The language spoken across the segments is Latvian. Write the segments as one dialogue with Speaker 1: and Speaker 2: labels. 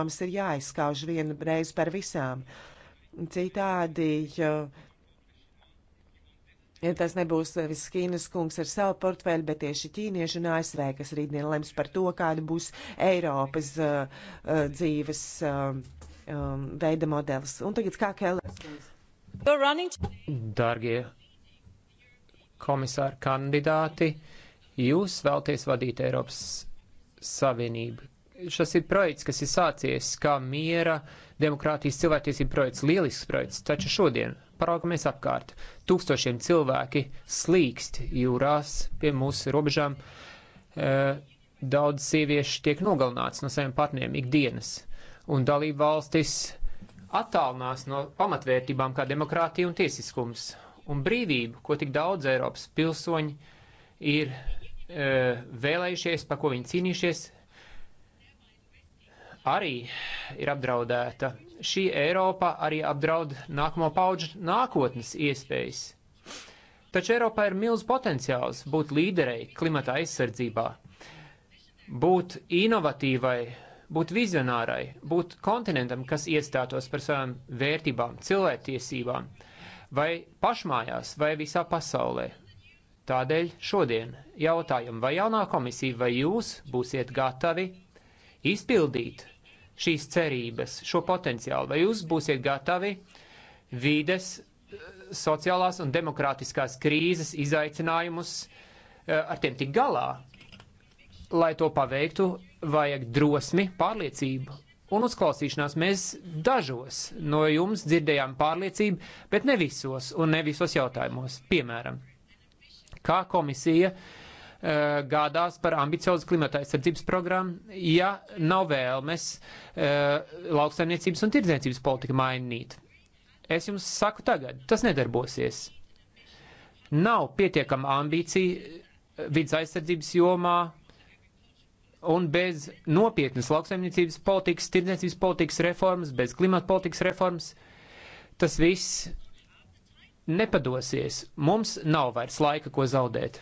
Speaker 1: Mums ir jāizskauž vienu reizi par visām. Citādi, jo Ja tas nebūs nevis eh, Ķīnas kungs ar savu portfeļu, bet tieši ķīnieši un ASV, kas rītdien lems par to, kāda būs Eiropas uh, uh, dzīves uh, um, veida modelis. Un tagad kā Kēlēs.
Speaker 2: Dargie komisāri kandidāti, jūs vēlties vadīt Eiropas Savienību šis ir projekts, kas ir sācies kā miera, demokrātijas cilvēktiesība projekts, lielisks projekts, taču šodien paraugamies apkārt. Tūkstošiem cilvēki slīkst jūrās pie mūsu robežām. Eh, daudz sieviešu tiek nogalināts no saviem partneriem ikdienas, un dalība valstis attālinās no pamatvērtībām kā demokrātija un tiesiskums un brīvību, ko tik daudz Eiropas pilsoņi ir e, vēlējušies, par ko viņi cīnījušies, arī ir apdraudēta. Šī Eiropa arī apdraud nākamo pauģu nākotnes iespējas. Taču Eiropā ir milz potenciāls būt līderei klimata aizsardzībā, būt inovatīvai, būt vizionārai, būt kontinentam, kas iestātos par savām vērtībām, cilvēktiesībām, vai pašmājās, vai visā pasaulē. Tādēļ šodien jautājumu, vai jaunā komisija vai jūs būsiet gatavi izpildīt šīs cerības, šo potenciālu? Vai jūs būsiet gatavi vides, eh, sociālās un demokrātiskās krīzes izaicinājumus eh, ar tiem tik galā? Lai to paveiktu, vajag drosmi, pārliecību un uzklausīšanās mēs dažos no jums dzirdējām pārliecību, bet ne visos un ne visos jautājumos. Piemēram, kā komisija uh, Eh, gādās par ambiciozu klimata aizsardzības programmu, ja nav vēlmes eh, lauksaimniecības un tirdzniecības politiku mainīt. Es jums saku tagad, tas nedarbosies. Nav pietiekama ambīcija eh, vidas aizsardzības jomā, un bez nopietnas lauksaimniecības politikas, tirdzniecības politikas reformas, bez klimata politikas reformas, tas viss nepadosies. Mums nav vairs laika, ko zaudēt.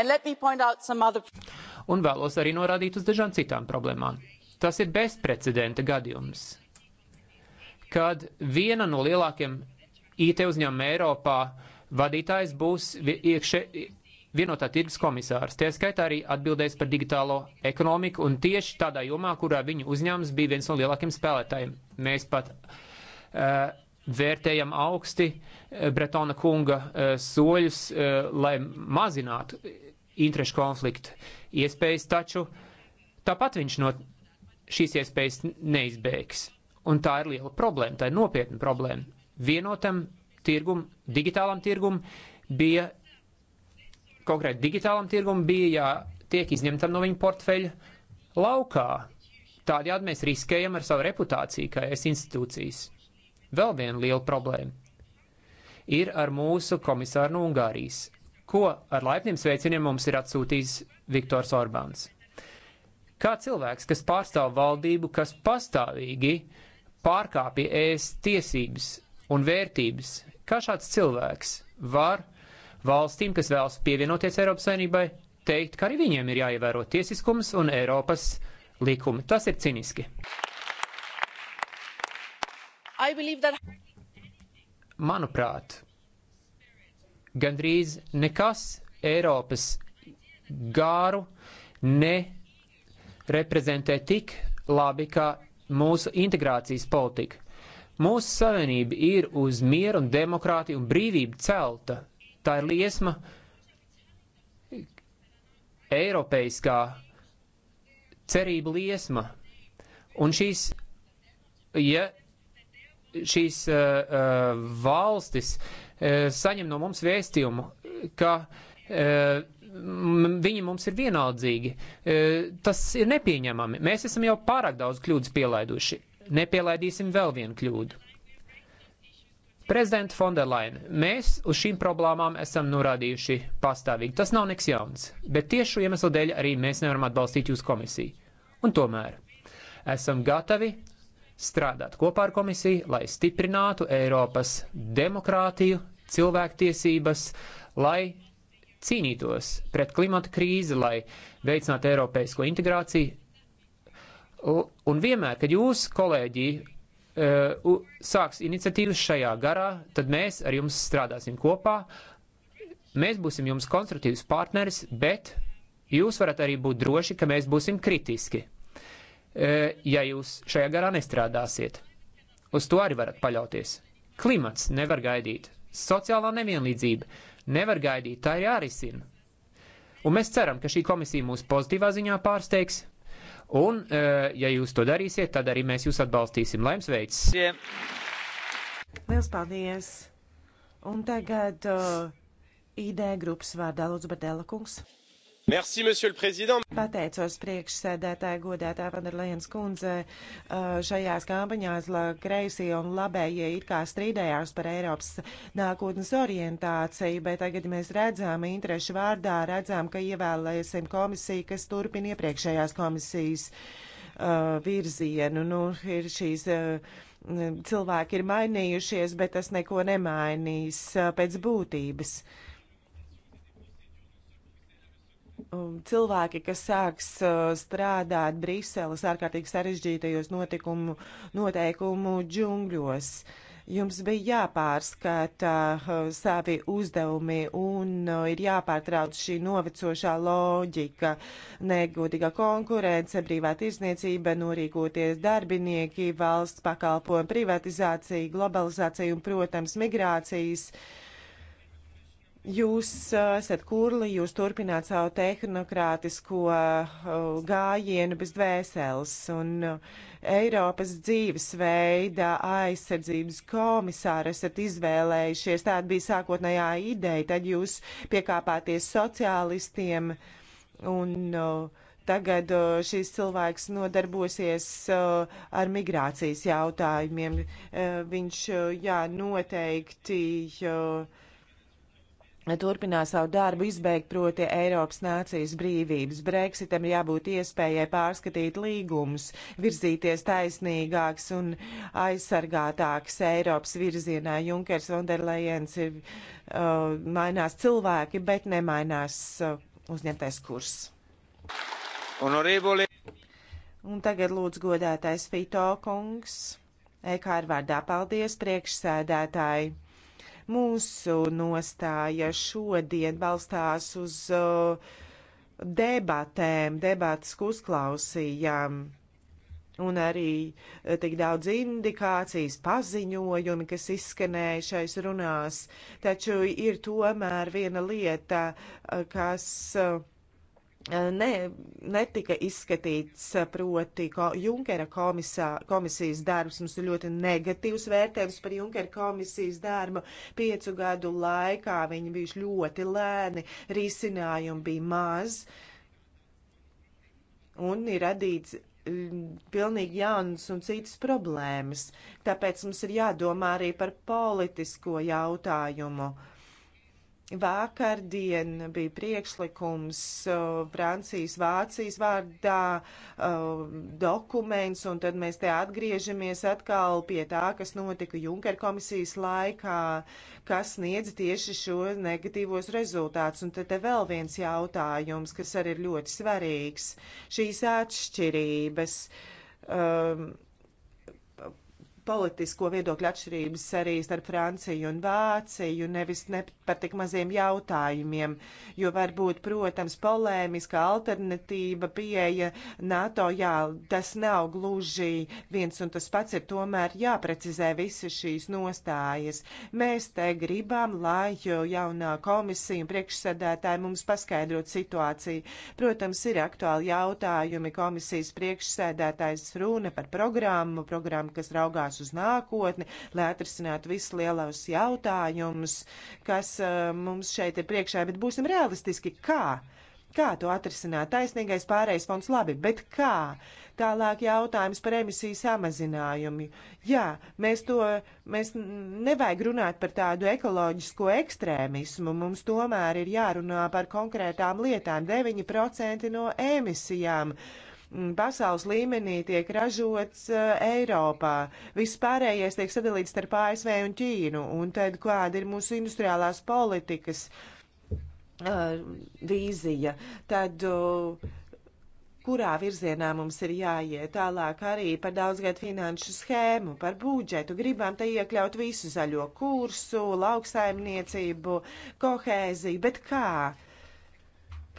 Speaker 3: Other...
Speaker 2: Un vēlos arī norādīt uz dažām citām problēmām. Tas ir bezprecedenta gadījums, kad viena no lielākiem IT uzņēmuma Eiropā vadītājs būs iekšē, vienotā tirgus komisārs. Tie skaitā arī atbildēs par digitālo ekonomiku un tieši tādā jomā, kurā viņu uzņēmums bija viens no lielākiem spēlētājiem. Mēs pat uh, vērtējam augsti Bretona kunga uh, soļus, uh, lai mazinātu interešu konfliktu iespējas, taču tāpat viņš no šīs iespējas neizbēgs. Un tā ir liela problēma, tā ir nopietna problēma. Vienotam tirgum, digitālam tirgum bija, konkrēti digitālam tirgum bija jātiek izņemtam no viņa portfeļa laukā. Tādējādi mēs riskējam ar savu reputāciju kā es institūcijas. Vēl viena liela problēma ir ar mūsu komisāru no Ungārijas ko ar laipniem sveicieniem mums ir atsūtījis Viktors Orbāns. Kā cilvēks, kas pārstāv valdību, kas pastāvīgi pārkāpja ēst tiesības un vērtības, kā šāds cilvēks var valstīm, kas vēlas pievienoties Eiropas Savienībai, teikt, ka arī viņiem ir jāievēro tiesiskums un Eiropas likumi. Tas ir ciniski. That... Manuprāt, gandrīz nekas Eiropas gāru ne reprezentē tik labi kā mūsu integrācijas politika. Mūsu savienība ir uz mieru un demokrātiju un brīvību celta. Tā ir liesma eiropeiskā cerība liesma. Un šīs, ja šīs uh, uh, valstis uh, E, saņem no mums vēstījumu, ka e, viņi mums ir vienaldzīgi. E, tas ir nepieņemami. Mēs esam jau pārāk daudz kļūdas pielaiduši. Nepielaidīsim vēl vienu kļūdu. Prezidenta Fonderlaina, mēs uz šīm problēmām esam norādījuši pastāvīgi. Tas nav nekas jauns, bet tieši šo iemeslu dēļ arī mēs nevaram atbalstīt jūsu komisiju. Un tomēr esam gatavi strādāt kopā ar komisiju, lai stiprinātu Eiropas demokrātiju, cilvēktiesības, lai cīnītos pret klimata krīzi, lai veicinātu eiropeisko integrāciju. Un vienmēr, kad jūs, kolēģi, eh, sāks iniciatīvas šajā garā, tad mēs ar jums strādāsim kopā. Mēs būsim jums konstruktīvs partneris, bet jūs varat arī būt droši, ka mēs būsim kritiski, eh, ja jūs šajā garā nestrādāsiet. Uz to arī varat paļauties. Klimats nevar gaidīt. Sociālā nevienlīdzība nevar gaidīt, tā ir jārisina. Un mēs ceram, ka šī komisija mūs pozitīvā ziņā pārsteigs. Un, eh, ja jūs to darīsiet, tad arī mēs jūs atbalstīsim. Laims veids! Yeah.
Speaker 1: Lielas paldies! Un tagad uh, eh, ID grupas vārdā Lūdzu Badela kungs.
Speaker 2: Merci, monsieur le président.
Speaker 1: Pateicos priekšsēdētāji, godētā Vanderlejens kundze, šajās kampaņās kreisie un labējie it kā strīdējās par Eiropas nākotnes orientāciju, bet tagad mēs redzam interešu vārdā, redzam, ka ievēlēsim komisiju, kas turpina iepriekšējās komisijas uh, virzienu. Nu, ir šīs, uh, cilvēki ir mainījušies, bet tas neko nemainīs uh, pēc būtības. Uh, Um, cilvēki, kas sāks uh, strādāt Briseles ārkārtīgi sarežģītajos notikumu, noteikumu džungļos. Jums bija jāpārskata uh, savi uzdevumi un uh, ir jāpārtrauc šī novecošā loģika, negodīga konkurence, brīvā tirsniecība, norīkoties darbinieki, valsts pakalpojumu privatizācija, globalizācija un, protams, migrācijas. Uh, Jūs uh, esat kurli, jūs turpināt savu tehnokrātisko uh, gājienu bez dvēseles un uh, Eiropas dzīvesveida aizsardzības komisāru esat izvēlējušies. Tāda bija sākotnējā ideja, tad jūs piekāpāties sociālistiem un uh, tagad šis cilvēks nodarbosies ar migrācijas jautājumiem. Viņš, jā, noteikti. Jā, turpinā savu darbu izbeigt proti Eiropas nācijas brīvības. Brexitam jābūt iespējai pārskatīt līgumus, virzīties taisnīgāks un aizsargātāks Eiropas virzienā. Junkers un Derlejens ir uh, mainās cilvēki, bet nemainās uh, uzņemtais kurs.
Speaker 2: Honorevole.
Speaker 1: Un tagad lūdzu godētais Fito kungs. EKR vārdā paldies priekšsēdētāji. Mūsu nostāja šodien balstās uz uh, debatēm, debatas, ko uzklausījām un arī uh, tik daudz indikācijas paziņojumi, kas izskanēja šais runās. Taču ir tomēr viena lieta, uh, kas ne, netika izskatīts, proti, ko Junkera komisā, komisijas darbs. Mums ir ļoti negatīvs vērtējums par Junkera komisijas darbu. Piecu gadu laikā viņi bijuši ļoti lēni, risinājumi bija maz. Un ir radīts pilnīgi jaunas un citas problēmas. Tāpēc mums ir jādomā arī par politisko jautājumu. Uh, Vakardien bija priekšlikums uh, Francijas, Vācijas vārdā uh, dokuments, un tad mēs te atgriežamies atkal pie tā, kas notika Junker komisijas laikā, kas sniedz tieši šo negatīvos rezultātus. Un tad te vēl viens jautājums, kas arī ir ļoti svarīgs - šīs atšķirības. Um, politisko viedokļu atšķirības arī starp Franciju un Vāciju, nevis ne par tik maziem jautājumiem, jo varbūt, protams, polēmiska alternatīva pieeja NATO, jā, tas nav gluži viens un tas pats ir tomēr jāprecizē visas šīs nostājas. Mēs te gribam, lai jaunā komisija un priekšsēdētāji mums paskaidrot situāciju. Protams, ir aktuāli jautājumi komisijas priekšsēdētājs runa par programmu, programmu, kas raugās jāraugās uz nākotni, lai atrisinātu visus lielos jautājumus, kas eh, mums šeit ir priekšā, bet būsim realistiski, kā. Kā to atrisināt? Taisnīgais pārējais fonds labi, bet kā? Tālāk jautājums par emisiju samazinājumu. Jā, mēs to, mēs nevajag runāt par tādu ekoloģisko ekstrēmismu, mums tomēr ir jārunā par konkrētām lietām - 9% no emisijām. Uh, Mm, pasaules līmenī tiek ražots uh, Eiropā. Viss pārējais tiek sadalīts starp ASV un Ķīnu. Un tad kāda ir mūsu industriālās politikas uh, vīzija? Tad, uh, kurā virzienā mums ir jāiet tālāk arī par daudzgadu finanšu schēmu, par budžetu. Gribam te iekļaut visu zaļo kursu, lauksaimniecību, kohēziju, bet kā?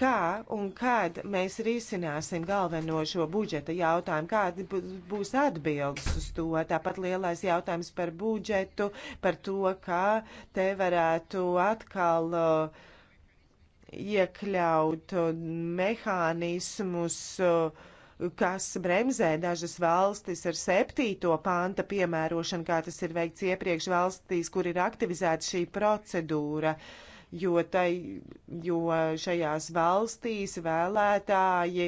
Speaker 1: kā un kad mēs risināsim galveno šo budžeta jautājumu, kādi būs atbildes uz to. Tāpat lielais jautājums par budžetu, par to, kā te varētu atkal uh, iekļaut uh, mehānismus, uh, kas bremzē dažas valstis ar septīto panta piemērošanu, kā tas ir veikts iepriekš valstīs, kur ir aktivizēta šī procedūra. Uh, jo, tai, jo šajās valstīs vēlētāji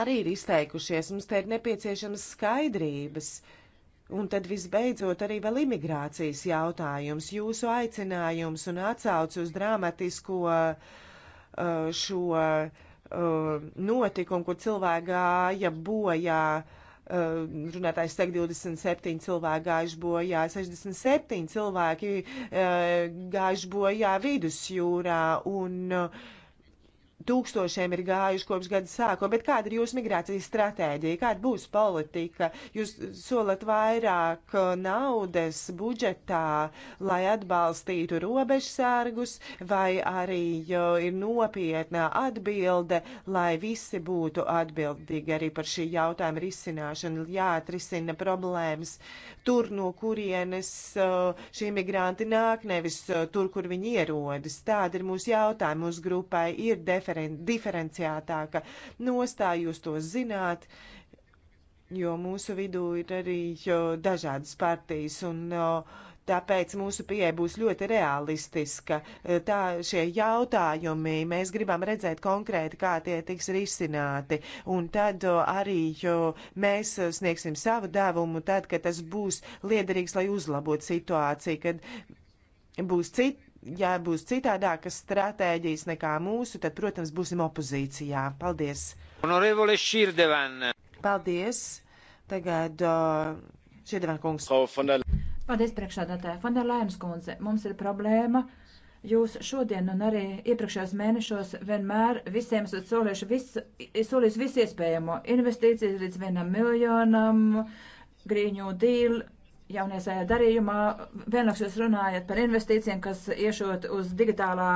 Speaker 1: arī ir izteikušies. Mums te ir nepieciešamas skaidrības. Un tad visbeidzot arī vēl imigrācijas jautājums, jūsu aicinājums un atsauc uz dramatisko uh, šo uh, notikumu, kur cilvēki gāja bojā runātājs saka, 27 cilvēki gājuši bojā, 67 cilvēki gājuši bojā vidusjūrā. Un, uh, tūkstošiem ir gājuši kopš gada sākuma, bet kāda ir jūsu migrācijas stratēģija, kāda būs politika? Jūs solat vairāk uh, naudas budžetā, lai atbalstītu robežsārgus, vai arī uh, ir nopietnā atbilde, lai visi būtu atbildīgi arī par šī jautājuma risināšanu, jāatrisina problēmas tur, no kurienes uh, šie migranti nāk, nevis tur, kur viņi ierodas. Tāda ir mūsu jautājuma. Mūsu grupai ir definīcija diferenciētāka nostāja, jūs to zināt, jo mūsu vidū ir arī dažādas partijas un Tāpēc mūsu pieeja būs ļoti realistiska. Tā šie jautājumi mēs gribam redzēt konkrēti, kā tie tiks risināti. Un tad arī mēs sniegsim savu devumu tad, kad tas būs liederīgs, lai uzlabotu situāciju, kad būs citi ja būs citādākas stratēģijas nekā mūsu, tad, protams, būsim opozīcijā. Paldies!
Speaker 2: Honorevole Širdevan!
Speaker 3: Paldies! Tagad uh, Širdevan kungs. Paldies, priekšādātāja. Fonderlainas kundze, mums ir problēma. Jūs šodien un arī iepriekšējos mēnešos vienmēr visiem esat solījuši visu, solījis visu iespējamo investīcijas līdz vienam miljonam, grīņu dīlu jauniesajā darījumā vienlaiks jūs runājat par investīcijiem, kas iešot uz digitālā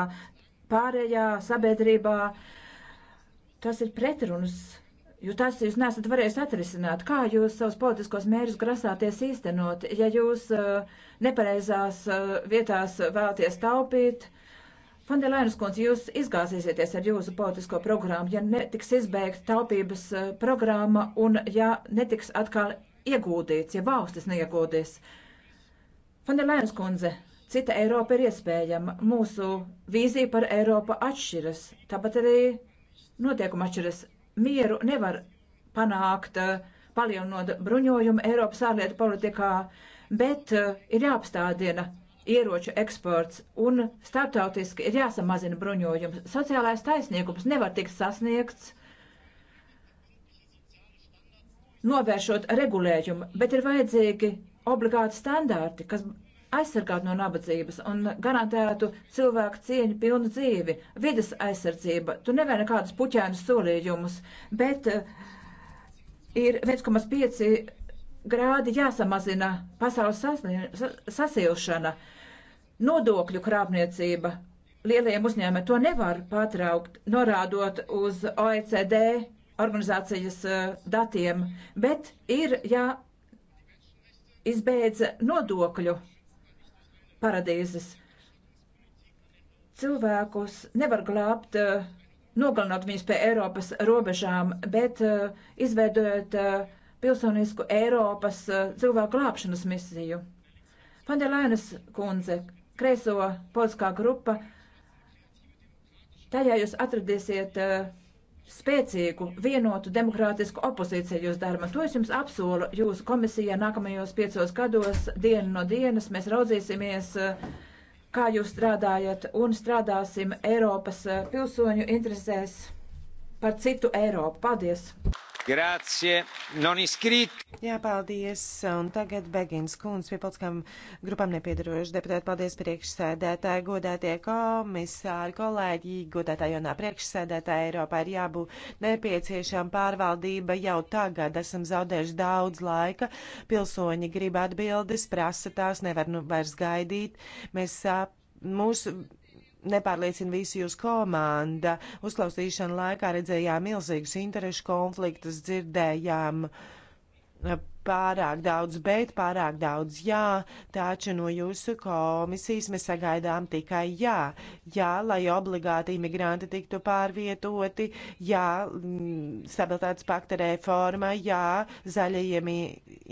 Speaker 3: pārējā sabiedrībā. Tas ir pretrunas jo tas jūs nesat varējis atrisināt. Kā jūs savus politiskos mērķus grasāties īstenot, ja jūs uh, nepareizās uh, vietās vēlaties taupīt? Fandelēnas kundze, jūs izgāzīsieties ar jūsu politisko programmu, ja netiks izbeigta taupības uh, programma un ja netiks atkal iegūdīts, ja valstis neiegūdīs. Fandelēns kundze, cita Eiropa ir iespējama. Mūsu vīzija par Eiropu atšķiras, tāpat arī notiekuma atšķiras. Mieru nevar panākt, eh, palielinot bruņojumu Eiropas ārlietu politikā, bet eh, ir jāapstādina ieroču eksports un starptautiski ir jāsamazina bruņojums. Sociālais taisnīgums nevar tikt sasniegts novēršot regulējumu, bet ir vajadzīgi obligāti standārti, kas aizsargātu no nabadzības un garantētu cilvēku cieņu pilnu dzīvi, vidas aizsardzība. Tu nevēl nekādus puķēnus solījumus, bet eh, ir 1,5 grādi jāsamazina pasaules sasilšana, nodokļu krāpniecība. Lielajiem uzņēmumiem to nevar pārtraukt, norādot uz OECD organizācijas eh, datiem, bet ir jāizbeidz ja nodokļu paradīzes. Cilvēkus nevar glābt, eh, nogalinot viņus pie Eiropas robežām, bet eh, izveidojot pilsonisku Eiropas cilvēku glābšanas misiju. Fandelainas kundze, kreiso polskā grupa, tajā jūs atradīsiet uh, spēcīgu, vienotu demokrātisku opozīciju jūs darma. To es jums apsolu jūsu komisijā nākamajos piecos gados, dienu no dienas. Mēs raudzīsimies, kā jūs strādājat un strādāsim Eiropas eh, pilsoņu interesēs par citu Eiropu. Paldies!
Speaker 1: Grācie, non iskrīt. Jā, paldies.
Speaker 3: Un tagad
Speaker 1: Begins kundz pie politiskām grupām nepiedarošu deputātu. Paldies priekšsēdētāji, godētie komisāri, kolēģi, godētā jaunā priekšsēdētāja Eiropā ir jābūt nepieciešama pārvaldība jau tagad. Esam zaudējuši daudz laika. Pilsoņi grib atbildes, prasa tās, nevar nu vairs gaidīt. Mēs sāp mūsu nepārliecina visu jūsu komanda. Uzklausīšana laikā redzējām milzīgus interešu konfliktus, dzirdējām uh, pārāk daudz bet, pārāk daudz jā, taču no jūsu komisijas mēs sagaidām tikai jā. Jā, lai obligāti imigranti tiktu pārvietoti, jā, mm, stabilitātes pakta reforma, jā, zaļajiem,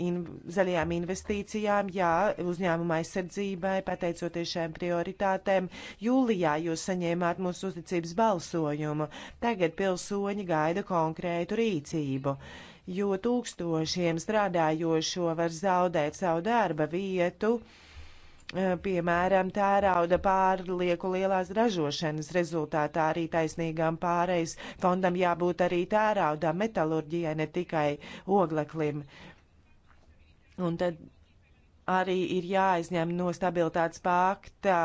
Speaker 1: in, zaļajām investīcijām, jā, uzņēmuma aizsardzībai, pateicoties šiem prioritātēm. Jūlijā jūs saņēmāt mūsu uzticības balsojumu. Tagad pilsoņi gaida konkrētu rīcību jo tūkstošiem strādājošo var zaudēt savu darba vietu. Eh, piemēram, tērauda pārlieku lielās ražošanas rezultātā arī taisnīgām pārejas fondam jābūt arī tēraudā metalurģijai, ne tikai ogleklim. Un tad arī ir jāizņem no stabilitātes pakta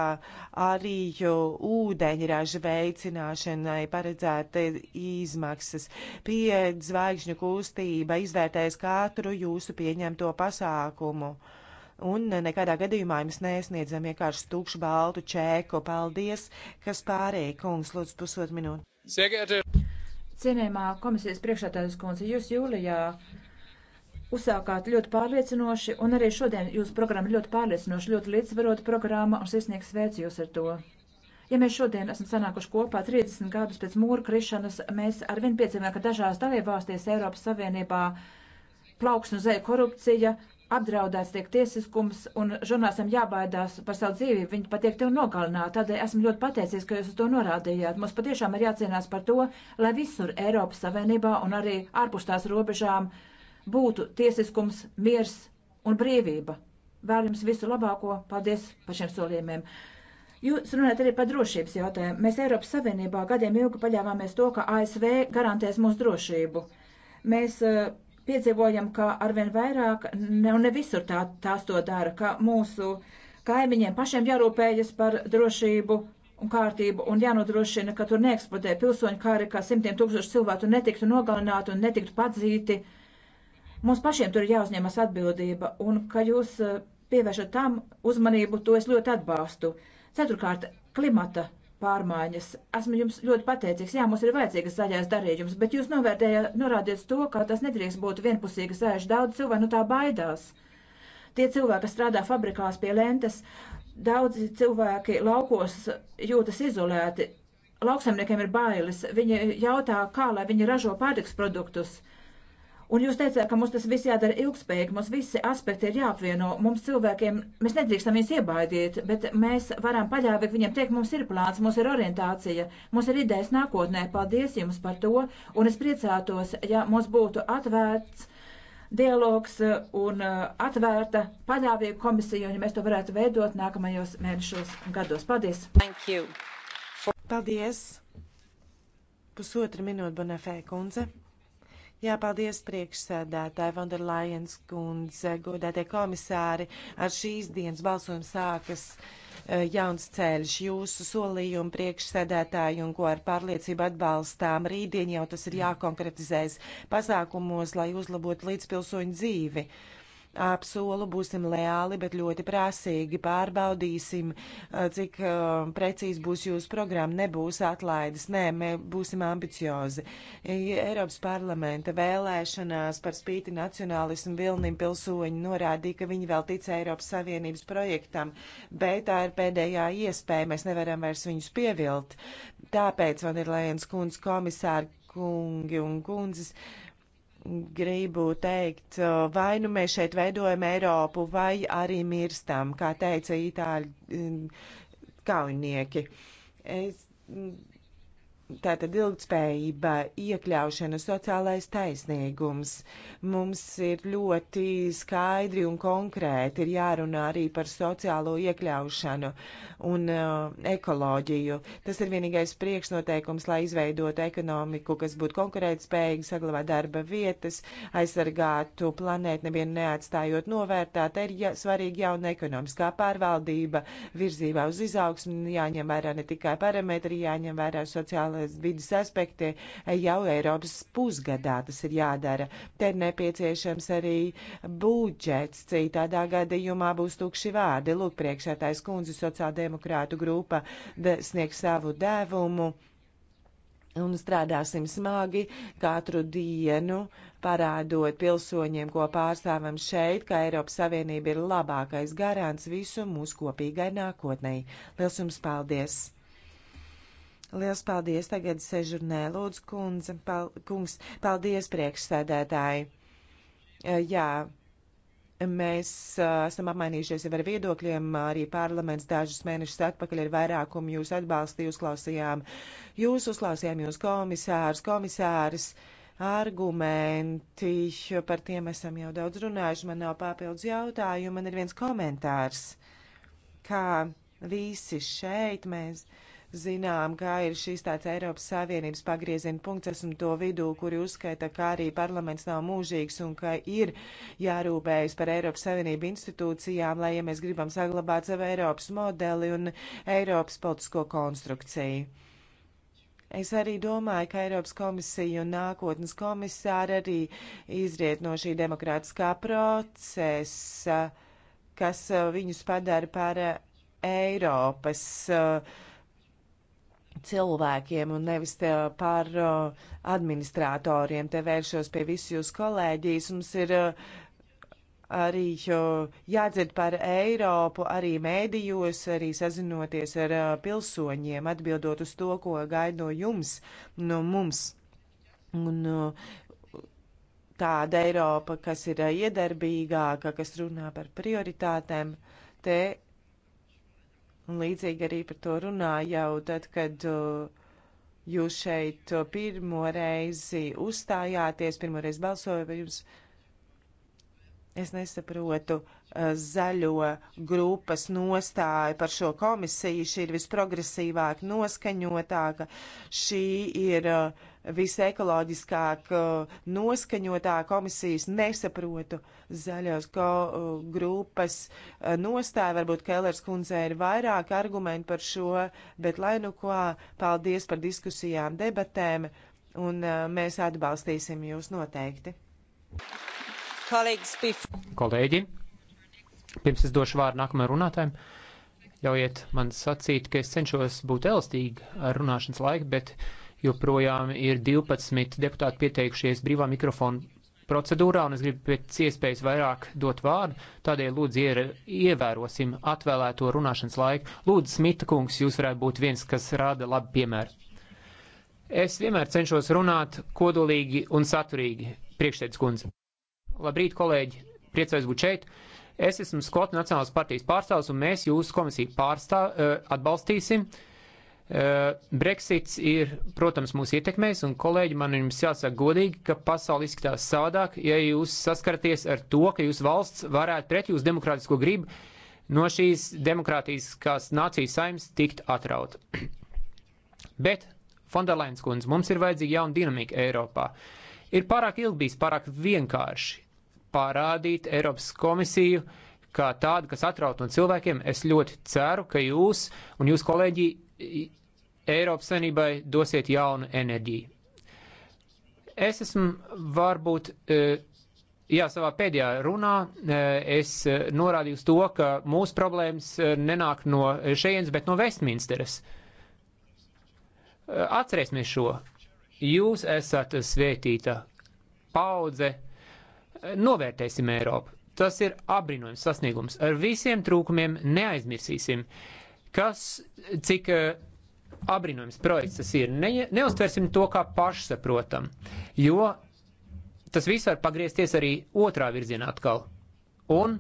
Speaker 1: arī ūdeņraža veicināšanai paredzēta izmaksas. Pied zvaigžņu kustība izvērtēs katru jūsu pieņemto pasākumu. Un nekādā gadījumā jums nesniedzam vienkārši tukšu baltu čēku. Paldies,
Speaker 3: kas pārēja, kungs, lūdzu, pusot minūti. Cienījumā komisijas priekšētājas kundze, jūs jūlijā uh, uzsākāt ļoti pārliecinoši, un arī šodien jūsu programma ļoti pārliecinoši, ļoti līdzsvarota programma, un sirsnieks sveic jūs ar to. Ja mēs šodien esam sanākuši kopā 30 gadus pēc mūra krišanas, mēs arvien piedzīvojam, ka dažās dalībvalstīs Eiropas Savienībā plauksnu zēja korupcija, apdraudēts tiek tiesiskums, un žurnālistam jābaidās par savu dzīvību, viņi patiek tev nogalināt. Tādēļ esmu ļoti pateicies, ka jūs uz to norādījāt. Mums patiešām ir jācīnās par to, lai visur Eiropas Savienībā un arī ārpus tās robežām uh, būtu tiesiskums, miers un brīvība. Vēl jums visu labāko. Paldies par šiem solījumiem. Jūs runājat arī par drošības jautājumu. Mēs Eiropas Savienībā gadiem ilgi paļāvāmies to, ka ASV garantēs mūsu drošību. Mēs uh, piedzīvojam, ka arvien vairāk, ne, ne visur tā, tās to dara, ka mūsu kaimiņiem pašiem jārūpējas par drošību un kārtību un jānodrošina, ka tur neeksplodē pilsoņu kāri, ka simtiem tūkstoši cilvēku netiktu nogalināti un netiktu padzīti. Uh, Mums pašiem tur ir jāuzņemas atbildība, un ka jūs eh, pievēršat tam uzmanību, to es ļoti atbalstu. Ceturkārt, klimata pārmaiņas. Esmu jums ļoti pateicīgs. Jā, mums ir vajadzīgas zaļais darījums, bet jūs novērtējāt, norādījāt to, ka tas nedrīkst būt vienpusīgi sēž daudz cilvēku, nu tā baidās. Tie cilvēki, kas strādā fabrikās pie lentes, daudzi cilvēki laukos jūtas izolēti. Lauksaimniekiem ir bailes. Viņi jautā, kā lai viņi ražo pārtiks produktus. Uh, Un jūs teicāt, ka mums tas viss jādara ilgspējīgi, mums visi aspekti ir jāapvieno. Mums cilvēkiem, mēs nedrīkstam viņus iebaidīt, bet mēs varam paļāvīgi viņiem teikt, mums ir plāns, mums ir orientācija, mums ir idejas nākotnē. Paldies jums par to. Un es priecātos, ja mums būtu atvērts dialogs un uh, atvērta paļāvīga komisija, un ja mēs to varētu veidot nākamajos mēnešos gados. Paldies! For... Paldies! Pusotra minūte, Bonafē kundze.
Speaker 1: Jā, paldies priekšsēdētāji Vanderlajens kundze, godētie komisāri. Ar šīs dienas balsojumu sākas e, jauns ceļš. Jūsu solījumu priekšsēdētāji un ko ar pārliecību atbalstām rītdien jau tas ir jākonkretizēs pasākumos, lai uzlabotu līdzpilsoņu dzīvi. Apsolu būsim leāli, bet ļoti prasīgi pārbaudīsim, cik uh, precīzi būs jūsu programma. Nebūs atlaides, nē, mēs būsim ambiciozi. Eiropas parlamenta vēlēšanās par spīti nacionālismu vilnim pilsoņi norādīja, ka viņi vēl tic Eiropas Savienības projektam, bet tā ir pēdējā iespēja. Mēs nevaram vairs viņus pievilt. Tāpēc, Vanderlējens kundz, komisāri, kungi un kundzes, uh, gribu teikt, vai nu mēs šeit veidojam Eiropu, vai arī mirstam, kā teica itāļu kaujinieki. Es Tātad ilgtspējība, iekļaušana, sociālais taisnīgums. Mums ir ļoti skaidri un konkrēti ir jārunā arī par sociālo iekļaušanu un uh, ekoloģiju. Tas ir vienīgais priekšnoteikums, lai izveidotu ekonomiku, kas būtu konkurētspējīga, saglabā darba vietas, aizsargātu planētu, nevienu neatstājot novērtā. Te ir ja, svarīgi jauna ekonomiskā pārvaldība, virzībā uz izaugsmu, jāņem vērā ne tikai parametri, jāņem vērā sociālais sociālais vidus aspekti jau Eiropas pusgadā tas ir jādara. Te ir nepieciešams arī budžets, citādā gadījumā būs tukši vārdi. Lūk, priekšētājs kundze sociāldemokrātu grupa sniegs savu devumu un strādāsim smagi katru dienu, parādot pilsoņiem, ko pārstāvam šeit, ka Eiropas Savienība ir labākais garants visu mūsu kopīgai nākotnei. Liels jums paldies! Liels paldies tagad sežurnē, lūdzu, kundze, pal, kungs, paldies priekšsēdētāji. Eh, jā, mēs eh, esam apmainījušies jau ar viedokļiem, arī parlaments dažus mēnešus atpakaļ ir vairākumu jūs atbalstīju, uzklausījām jūs, uzklausījām jūs komisārus, komisārus. Argumenti, par tiem esam jau daudz runājuši, man nav papildus jautājumu, man ir viens komentārs, kā visi šeit mēs. Uh, zinām, kā ir šis tāds Eiropas Savienības pagrieziena punkts, esam to vidū, kuri uzskaita, ka arī parlaments nav mūžīgs un ka ir jārūpējas par Eiropas Savienību institūcijām, lai, ja mēs gribam saglabāt savu Eiropas modeli un Eiropas politisko konstrukciju. Es arī domāju, ka Eiropas komisija un nākotnes komisāri arī izriet no šī demokrātiskā procesa, kas uh, viņus padara par uh, Eiropas uh, cilvēkiem un nevis par uh, administratoriem. Te vēršos pie visu jūs kolēģijas. Mums ir uh, arī uh, jādzird par Eiropu, arī mēdījos, arī sazinoties ar pilsoņiem, atbildot uz to, ko gaida no jums, no mums. Un tāda Eiropa, kas ir iedarbīgāka, kas runā par prioritātēm, te Un līdzīgi arī par to runāju jau tad, kad uh, jūs šeit uh, pirmo reizi uzstājāties, pirmo reizi balsoju, vai jums Es nesaprotu eh, zaļo grupas nostāju par šo komisiju. Šī ir visprogresīvāk noskaņotāka, šī ir eh, visekoloģiskāk eh, noskaņotā komisijas. Nesaprotu zaļos ko, grupas nostāju. Varbūt Kēlers kundze ir vairāk argumenti par šo, bet lai nu ko, paldies par diskusijām, debatēm, un mēs atbalstīsim jūs noteikti.
Speaker 2: Kolēģi, pirms es došu vārdu nākamajam runātājam, ļaujiet man sacīt, ka es cenšos būt elastīgi ar runāšanas laiku, bet joprojām ir 12 deputāti pieteikušies brīvā mikrofona procedūrā, un es gribu pēc iespējas vairāk dot vārdu, tādēļ lūdzu ier, ievērosim atvēlēto runāšanas laiku. Lūdzu, Smita kungs, jūs varētu būt viens, kas rāda labu piemēru. Es vienmēr cenšos runāt kodolīgi un saturīgi, priekšsēdus kundze. Labrīt, kolēģi! Priecājos būt šeit! Es esmu Skotu Nacionālās partijas pārstāvs, un mēs jūsu komisiju pārstāv, eh, atbalstīsim. Eh, Brexits ir, protams, mūs ietekmēs, un kolēģi, man jums jāsaka godīgi, ka pasauli izskatās savādāk, ja jūs saskaraties ar to, ka jūs valsts varētu pret jūsu demokrātisko gribu no šīs demokrātiskās nācijas saimas tikt atraut. Bet, Fonderlains kundze, mums ir vajadzīga jauna dinamika Eiropā. Ir pārāk ilgi bijis, pārāk vienkārši parādīt Eiropas komisiju kā tādu, kas atraut no cilvēkiem. Es ļoti ceru, ka jūs un jūs kolēģi Eiropas Savienībai dosiet jaunu enerģiju. Es esmu varbūt, e, jā, savā pēdējā runā e, es e, norādīju uz to, ka mūsu problēmas nenāk no šejienes, bet no Vestminsteres. Atcerēsimies šo. Jūs esat svētīta paudze novērtēsim Eiropu. Tas ir apbrīnojams sasniegums. Ar visiem trūkumiem neaizmirsīsim, kas, cik eh, apbrīnojams projekts tas ir. Ne, neuztversim to kā pašsaprotam, jo tas viss var pagriezties arī otrā virzienā atkal. Un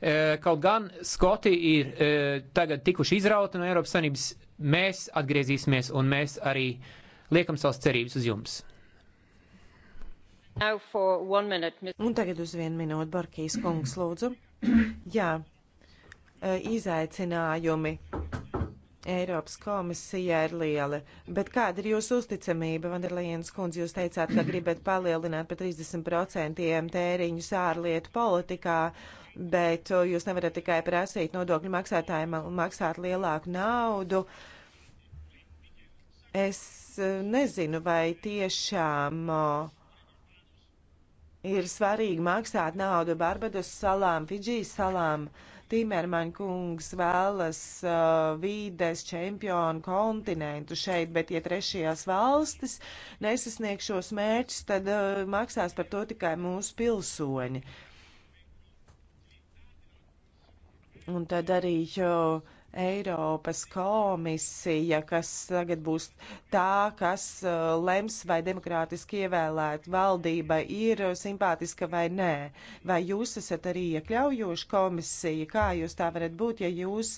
Speaker 2: eh, kaut gan Skoti ir eh, tagad tikuši izrauti no Eiropas Sanības, mēs atgriezīsimies un mēs arī liekam savas cerības uz jums.
Speaker 1: Minute, Un tagad uz vienu minūtu, Barkīs kungs, lūdzu. Jā, e, izaicinājumi Eiropas komisijā ir lieli, bet kāda ir jūsu uzticamība, Vanderlienas kundze, jūs teicāt, ka gribat palielināt par 30% tēriņus ārlietu politikā, bet jūs nevarat tikai prasīt nodokļu maksātājiem maksāt lielāku naudu. Es e, nezinu, vai tiešām uh, ir svarīgi maksāt naudu Barbados salām, Fidžijas salām. Timerman kungs vēlas uh, vīdes čempionu kontinentu šeit, bet ja trešajās valstis nesasniegs šos mērķus, tad uh, maksās par to tikai mūsu pilsoņi. Un tad arī jau. Uh, Eiropas komisija, kas tagad būs tā, kas uh, lems, vai demokrātiski ievēlēt valdība ir simpātiska vai nē. Vai jūs esat arī iekļaujoši komisija? Kā jūs tā varat būt, ja jūs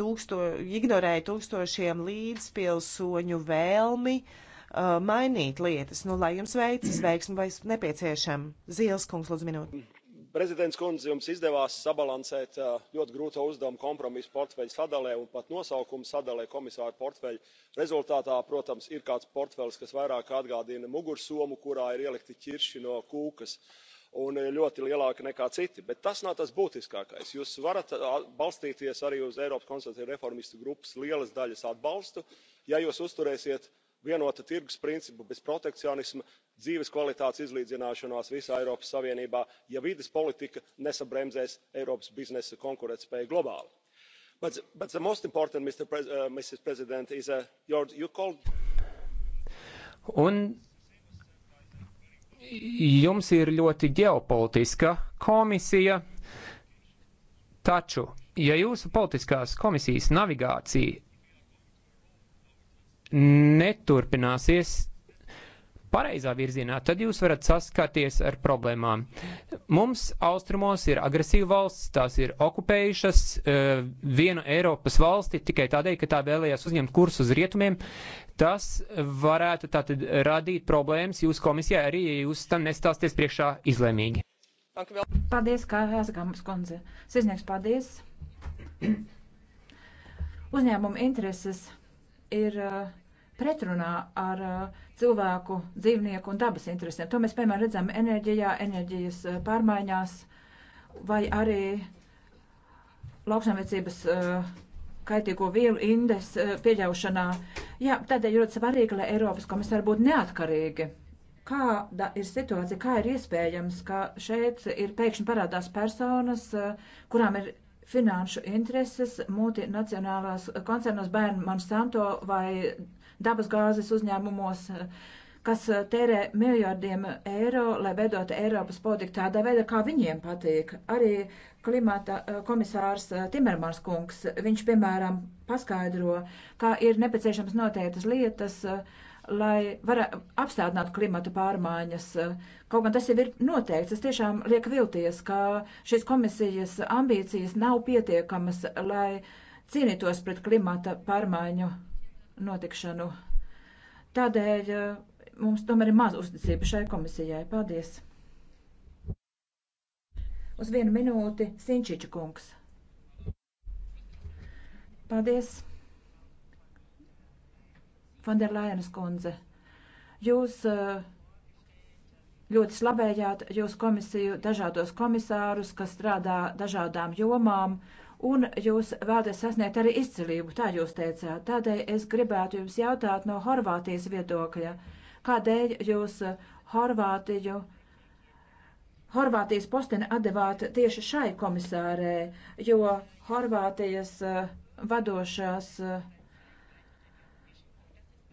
Speaker 1: tūksto, ignorēja tūkstošiem līdzpilsoņu vēlmi uh, mainīt lietas. Nu, lai jums veicas, veiksmi vai nepieciešama. Zīles kungs, lūdzu, minūti
Speaker 2: prezidents kundze jums izdevās sabalansēt ļoti grūto uzdevumu kompromisu portfeļu sadalē un pat nosaukumu sadalē komisāru portfeļi. rezultātā protams ir kāds portfelis kas vairāk atgādina mugursomu kurā ir ielikti ķirši no kūkas un ļoti lielāki nekā citi bet tas nav tas būtiskākais. jūs varat balstīties arī uz eiropas konservatīvu reformistu grupas lielas daļas atbalstu ja jūs uzturēsiet vienota tirgus principu bez protekcionisma dzīves kvalitātes izlīdzināšanās visā eiropas savienībā ja vides politika nesabremzēs eiropas biznesa konkurētspēju globāli. but the most important mr uh, president is uh, you called. un jums ir ļoti ģeopolitiska komisija taču ja jūsu politiskās komisijas navigācija neturpināsies pareizā virzienā, tad jūs varat saskarties ar problēmām. Mums austrumos ir agresīva valsts, tās ir okupējušas uh, eh, vienu Eiropas valsti tikai tādēļ, ka tā vēlējās uzņemt kursu uz rietumiem. Tas varētu tātad radīt problēmas jūsu komisijā arī, ja jūs tam nestāsties priekšā izlēmīgi.
Speaker 3: Paldies, Kāzgāmas kundze. Siznieks, paldies. Uzņēmuma intereses ir. Uh, pretrunā ar uh, cilvēku, dzīvnieku un dabas interesēm. To mēs, piemēram, redzam enerģijā, enerģijas uh, pārmaiņās vai arī lauksaimniecības uh, kaitīgo vielu indes pieļaušanā. Jā, tādēļ ļoti svarīgi, lai Eiropas komisāri būtu neatkarīgi. Kāda ir situācija, kā ir iespējams, ka šeit ir pēkšņi parādās personas, kurām ir finanšu intereses multinacionālās koncernos bērnu Monsanto vai dabasgāzes uzņēmumos, kas eh, tērē miljardiem eiro, lai veidotu Eiropas politiku tādā veidā, kā viņiem patīk. Arī klimata eh, komisārs eh, Timermans kungs, viņš, piemēram, paskaidro, kā ir nepieciešams noteiktas lietas, lai varētu apstādināt klimatu pārmaiņas. Kaut gan tas jau ir noteikts, tas tiešām liek vilties, ka šīs komisijas ambīcijas nav pietiekamas, lai cīnītos pret klimata pārmaiņu notikšanu. Tādēļ eh, mums tomēr ir maz uzticība šai komisijai. Paldies! Uz vienu minūti Sinčiča kungs. Paldies! Fonderlainas kundze, jūs eh, ļoti slavējāt jūs komisiju, dažādos komisārus, kas strādā dažādām jomām. Uh, Un jūs vēlaties sasniegt arī izcilību, tā jūs teicāt. Tādēļ es gribētu jums jautāt no Horvātijas viedokļa, kādēļ jūs eh, Horvātiju, Horvātijas posteni atdevāt tieši šai komisārē, jo Horvātijas eh, vadošās eh,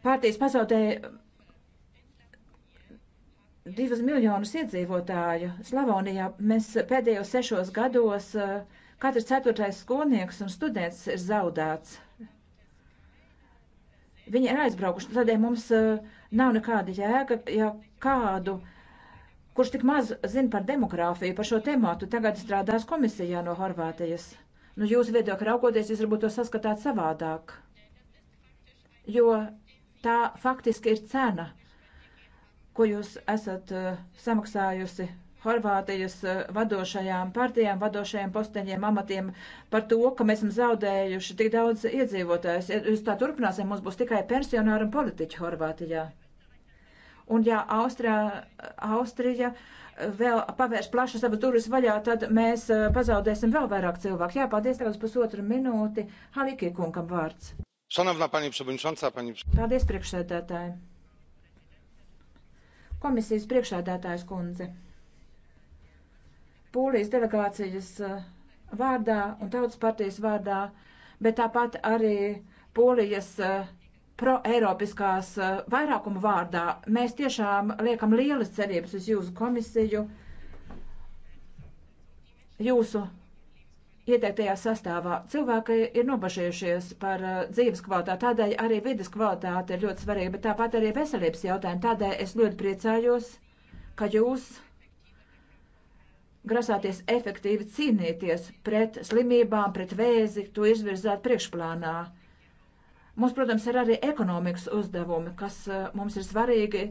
Speaker 3: partijas pazaudēja divas miljonus iedzīvotāju. Slavonijā mēs pēdējos sešos gados uh, Katrs ceturtais skolnieks un students ir zaudēts. Viņi ir aizbraukuši, tādēļ mums eh, nav nekāda jēga, ja kādu, kurš tik maz zina par demogrāfiju, par šo tematu, tagad strādās komisijā no Horvātijas. Nu, jūsu viedokļa raugoties, jūs varbūt to saskatāt savādāk, jo tā faktiski ir cena, ko jūs esat uh, samaksājusi Horvātijas eh, vadošajām partijām, vadošajiem posteņiem, amatiem par to, ka mēs esam zaudējuši tik daudz iedzīvotājus. Ja jūs tā turpināsim, mums būs tikai pensionāri un politiķi Horvātijā. Un ja Austrā, Austrija eh, vēl pavērs plaši savas durvis vaļā, tad mēs eh, pazaudēsim vēl vairāk cilvēku. Jā, paldies tev uz pusotru minūti. Haliki kungam vārds.
Speaker 2: Šanavna, pani Pšabuņšancā, pani Pšabuņšancā.
Speaker 3: Paldies priekšsēdētāji. Komisijas priekšsēdētājs kundze. Polijas delegācijas eh, vārdā un tautas partijas vārdā, bet tāpat arī Polijas eh, proeiropiskās eh, vairākuma vārdā. Mēs tiešām liekam lielas cerības uz jūsu komisiju, jūsu ieteiktajā sastāvā. Cilvēki ir nobažījušies par dzīves kvalitāti, tādēļ arī vidas kvalitāte ir ļoti svarīga, bet tāpat arī veselības jautājumi. Tādēļ es ļoti priecājos, ka jūs grasāties efektīvi cīnīties pret slimībām, pret vēzi, to izvirzāt priekšplānā. Mums, protams, ir arī ekonomikas uzdevumi, kas eh, mums ir svarīgi.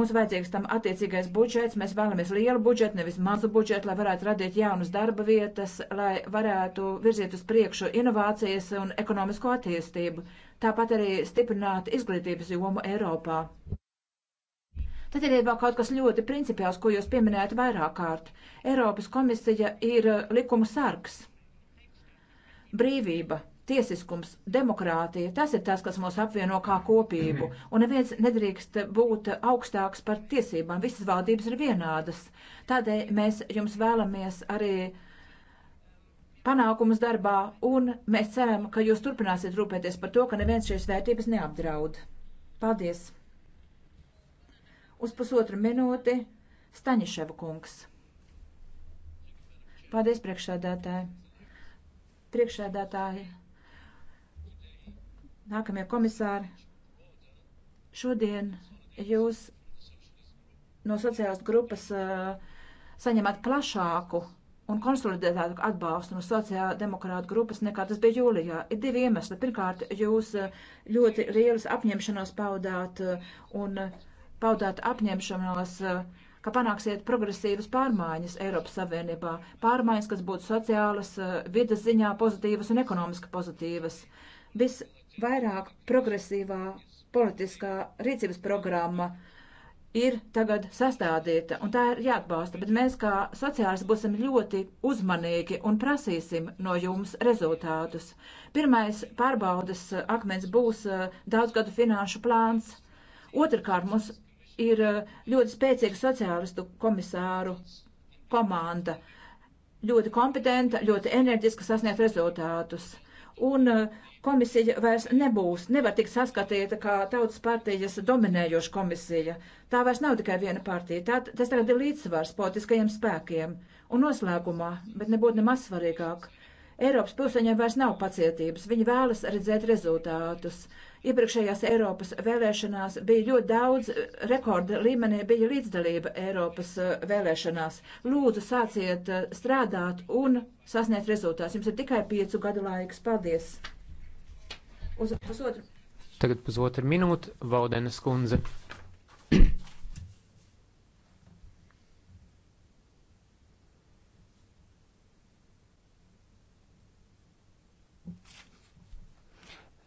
Speaker 3: Mums vajadzīgs tam attiecīgais budžets, mēs vēlamies lielu budžetu, nevis mazu budžetu, lai varētu radīt jaunas darba vietas, lai varētu virzīt uz priekšu inovācijas un ekonomisko attīstību, tāpat arī stiprināt izglītības jomu Eiropā. Tad ir vēl kaut kas ļoti principiāls, ko jūs pieminējat vairāk kārt. Eiropas komisija ir uh, likuma sargs. Brīvība, tiesiskums, demokrātija, tas ir tas, kas mūs apvieno kā kopību. Un neviens nedrīkst būt augstāks par tiesībām. Visas valdības ir vienādas. Tādēļ mēs jums vēlamies arī panākumus darbā, un mēs ceram, ka jūs turpināsiet rūpēties par to, ka neviens šīs vērtības neapdraud. Paldies! Uz pusotru minūti Staņiševa kungs. Paldies, priekšsēdētāji. Priekšsēdētāji, nākamie komisāri, šodien jūs no sociālās grupas uh, saņemat plašāku un konsolidētāku atbalstu no sociāldemokrāta grupas nekā tas bija jūlijā. Ir divi iemesli. Pirmkārt, jūs ļoti lielas apņemšanos paudāt un uh, paudāt apņemšanos, eh, ka panāksiet progresīvas pārmaiņas Eiropas Savienībā, pārmaiņas, kas būtu sociālas, eh, vidas ziņā pozitīvas un ekonomiski pozitīvas. Visvairāk progresīvā politiskā rīcības programma ir tagad sastādīta, un tā ir jāatbalsta, bet mēs kā sociālisti būsim ļoti uzmanīgi un prasīsim no jums rezultātus. Pirmais pārbaudas eh, akmens būs daudzgadu finanšu plāns. Otrkārt, mums ir eh, ļoti spēcīga sociālistu komisāru komanda. Ļoti kompetenta, ļoti enerģiska sasniegt rezultātus. Un eh, komisija vairs nebūs, nevar tikt saskatīta kā tautas partijas dominējoša komisija. Tā vairs nav tikai viena partija. Tā, tas tagad ir līdzsvars politiskajiem spēkiem. Un noslēgumā, bet nebūtu nemaz svarīgāk, Eiropas pilsoņiem vairs nav pacietības. Viņi vēlas redzēt rezultātus. Uh, iepriekšējās Eiropas vēlēšanās bija ļoti daudz, rekorda līmenī bija līdzdalība Eiropas eh, vēlēšanās. Lūdzu, sāciet eh, strādāt un sasniegt rezultātus. Jums ir tikai piecu gadu laiks. Paldies! Uz pusotru.
Speaker 2: Tagad pusotru minūtu Vaudenes kundze.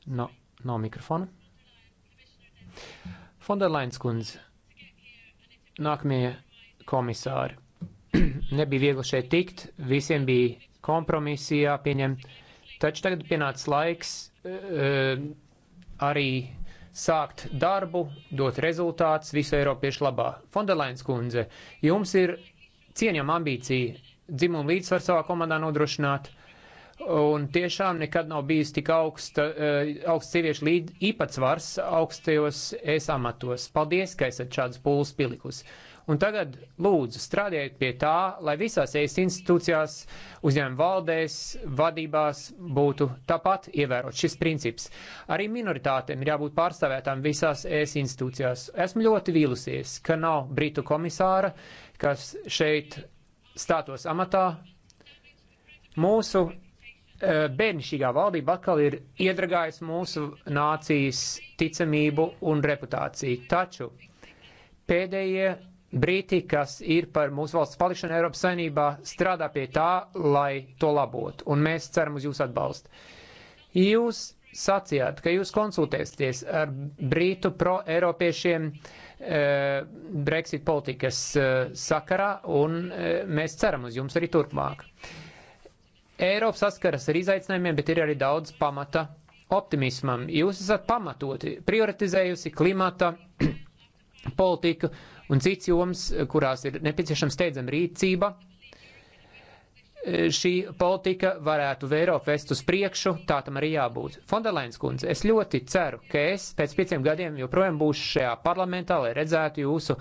Speaker 2: No. Nav mikrofona. Fonderlains kundze, nākamie komisāri. Nebija viegli šeit tikt, visiem bija kompromisi jāpieņem, taču tagad pienācis laiks uh, arī sākt darbu, dot rezultāts visu Eiropiešu labā. Fonderlains kundze, jums ir cieņama ambīcija dzimumu līdzsvaru savā komandā nodrošināt. Uh, Un tiešām nekad nav bijis tik augsta, eh, augsts sieviešu līd, īpatsvars augstajos esamatos. Paldies, ka esat šādas pūles pilikus. Un tagad lūdzu strādājiet pie tā, lai visās ES institūcijās, uzņēmuma valdēs, vadībās būtu tāpat ievērot šis princips. Arī minoritātēm ir jābūt pārstāvētām visās ES institūcijās. Esmu ļoti vīlusies, ka nav Britu komisāra, kas šeit stātos amatā. Mūsu Eh, bērnišķīgā valdība atkal ir iedragājusi mūsu nācijas ticamību un reputāciju. Taču pēdējie brīti, kas ir par mūsu valsts palikšanu Eiropas saimnībā, strādā pie tā, lai to labotu, un mēs ceram uz jūsu atbalstu. Jūs sacījāt, ka jūs konsultēsieties ar brītu pro-eiropiešiem e, Brexit politikas e, sakarā, un e, mēs ceram uz jums arī turpmāk. E, Eiropa saskaras ar izaicinājumiem, bet ir arī daudz pamata optimismam. Jūs esat pamatoti prioritizējusi klimata politiku un cits joms, kurās ir nepieciešams steidzam rīcība. Šī politika varētu Eiropu vest uz priekšu, tā tam arī jābūt. Fonderlains kundze, es ļoti ceru, ka es pēc pieciem gadiem joprojām būšu šajā parlamentā, lai redzētu jūsu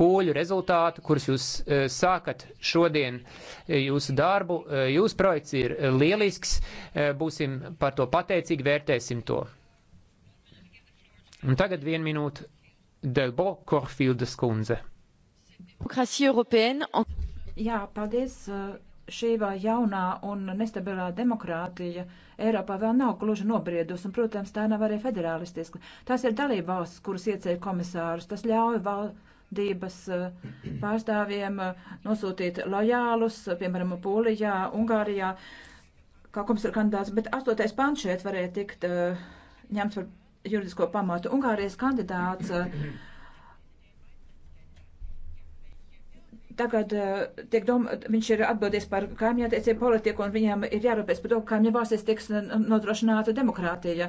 Speaker 2: pūļu rezultātu, kurus jūs eh, sākat šodien eh, jūsu darbu. Eh, jūsu projekts ir lielisks, būsim par to pateicīgi, vērtēsim to. Un tagad vienu minūtu Delbo Korfildas kundze.
Speaker 3: Jā, paldies. Šī jaunā un nestabilā demokrātija Eiropā vēl nav gluži nobriedus, un, protams, tā nav arī federālistiska. Tās ir dalībvalstis, kuras ieceļ komisārus. Tas ļauj valsts dības eh, pārstāvjiem eh, nosūtīt lojālus, eh, piemēram, Polijā, Ungārijā, kā komisāra kandidāts, bet astotais pants šeit varēja tikt ņemts par juridisko pamatu. Ungārijas kandidāts tagad eh, tiek dom, viņš ir atbildies par kaimiņattiecību politiku un viņam ir jārūpēs par to, ka kaimiņu valstīs tiks nodrošināta demokrātija.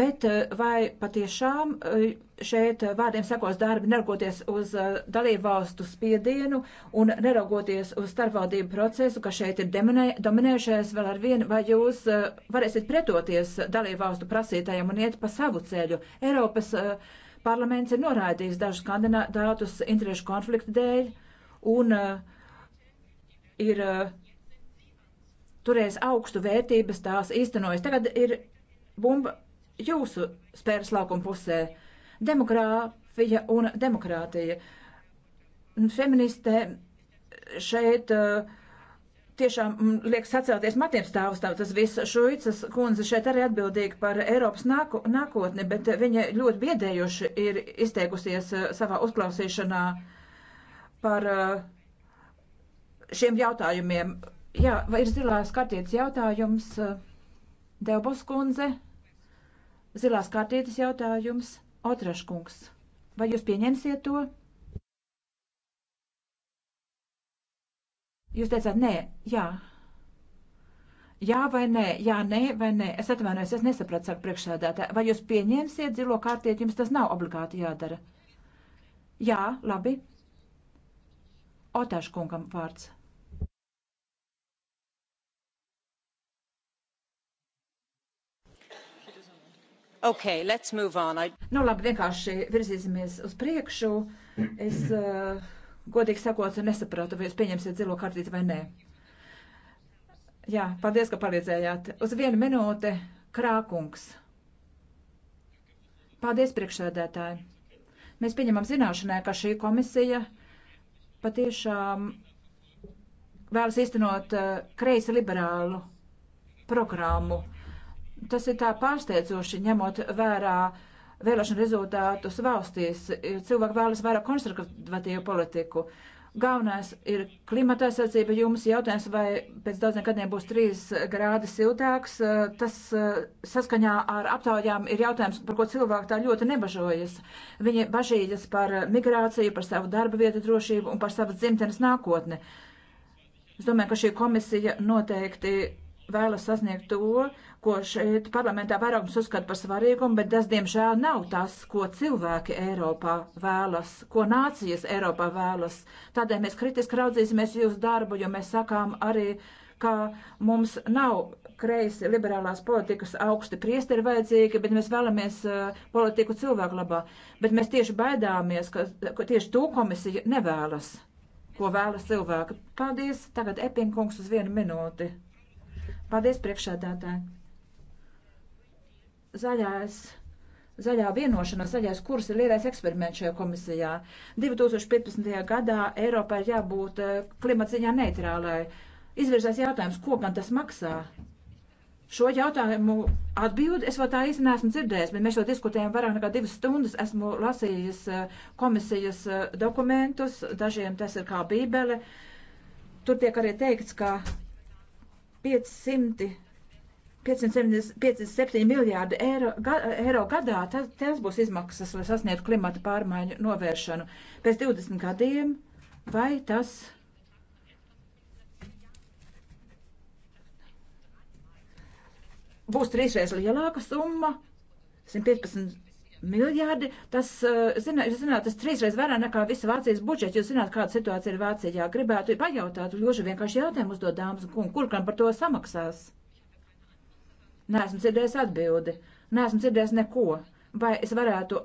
Speaker 3: Bet eh, vai patiešām eh, šeit vārdiem sakos darbi, neraugoties uz dalību valstu spiedienu un neraugoties uz starpvaldību procesu, kas šeit ir deminē, dominējušais vēl ar vienu, vai jūs varēsiet pretoties dalību valstu prasītājiem un iet pa savu ceļu? Eiropas parlaments ir noraidījis dažus kandidātus interešu konfliktu dēļ un uh, ir uh, eh, turējis augstu vērtības, tās īstenojas. Tagad ir bumba jūsu spēras laukuma pusē - demokrāfija un demokrātija. Feministē šeit uh, tiešām mm, liek sacelties matiem stāvstāv. Tas viss Šuicas kundze šeit arī atbildīga par Eiropas nāku, nākotni, bet viņa ļoti biedējoši ir izteikusies savā uzklausīšanā. Uh, par eh, šiem jautājumiem. Jā, vai ir zilās kartītes jautājums, eh, Delbos kundze? Zilās kartītes jautājums, Otraškungs. Vai jūs pieņemsiet to? Jūs teicāt, nē, jā. Jā vai nē, jā, nē vai nē. Es atvainojos, es nesapratu savu priekšsēdētāju. Vai jūs pieņemsiet zilo kārtiet, jums tas nav obligāti jādara? Jā, labi. Otāškungam vārds. Okay, let's move on. I... Nu, labi, vienkārši virzīsimies uz priekšu. Es, uh, godīgi sakot, nesapratu, vai jūs pieņemsiet zilo kartīti vai nē. Jā, paldies, ka palīdzējāt. Uz vienu minūti krākungs. Paldies, priekšsēdētāji. Mēs pieņemam zināšanai, ka šī komisija uh, patiešām vēlas iztenot eh, kreisi liberālu programmu. Tas ir tā pārsteidzoši, ņemot vērā vēlēšanu rezultātus valstīs. Cilvēki vēlas vairāk konservatīvu politiku. Uh, Galvenais ir klimata aizsardzība. Jums jautājums, vai pēc daudziem gadiem būs 3 grādi siltāks. Eh, tas eh, saskaņā ar aptaujām ir jautājums, par ko cilvēki tā ļoti nebažojas. Viņi bažījas par eh, migrāciju, par savu darba vietu drošību un par savas dzimtenes nākotni. Es domāju, ka šī komisija noteikti vēlas sasniegt to, ko šeit parlamentā vairākums uzskata par svarīgumu, bet tas, diemžēl, nav tas, ko cilvēki Eiropā vēlas, ko nācijas Eiropā vēlas. Tādēļ mēs kritiski raudzīsimies jūsu darbu, jo mēs sakām arī, ka mums nav kreisi liberālās politikas augsti priesteri vajadzīgi, bet mēs vēlamies uh, politiku cilvēku labā. Bet mēs tieši baidāmies, ka, ka tieši to komisija nevēlas, ko vēlas cilvēki. Paldies, tagad Epinkungs uz vienu minūti. Paldies priekšādātāji zaļās Zaļā vienošanās, zaļais kurs ir lielais eksperiments šajā komisijā. 2015. gadā Eiropā ir jābūt eh, klimatziņā neitrālai. Izvirzās jautājums, ko man tas maksā? Šo jautājumu atbildi es vēl tā īsti neesmu dzirdējis, bet mēs jau diskutējām vairāk nekā divas stundas. Esmu lasījis eh, komisijas eh, dokumentus, dažiem tas ir kā bībele. Tur tiek arī teikts, ka 500 577 miljārdi eiro, ga, eiro gadā, tas, tas būs izmaksas, lai sasniegtu klimata pārmaiņu novēršanu. Pēc 20 gadiem vai tas. Būs trīsreiz lielāka summa, 115 miljārdi. Tas, eh, zināt, zināt tas trīsreiz vairāk nekā visa Vācijas budžets. Jūs zināt, kāda situācija ir Vācijā. Gribētu pajautāt, ļoti vienkārši jautājumu uzdot dāmas un kungi, kur gan par to samaksās? Neesmu dzirdējis atbildi, neesmu dzirdējis neko. Vai es varētu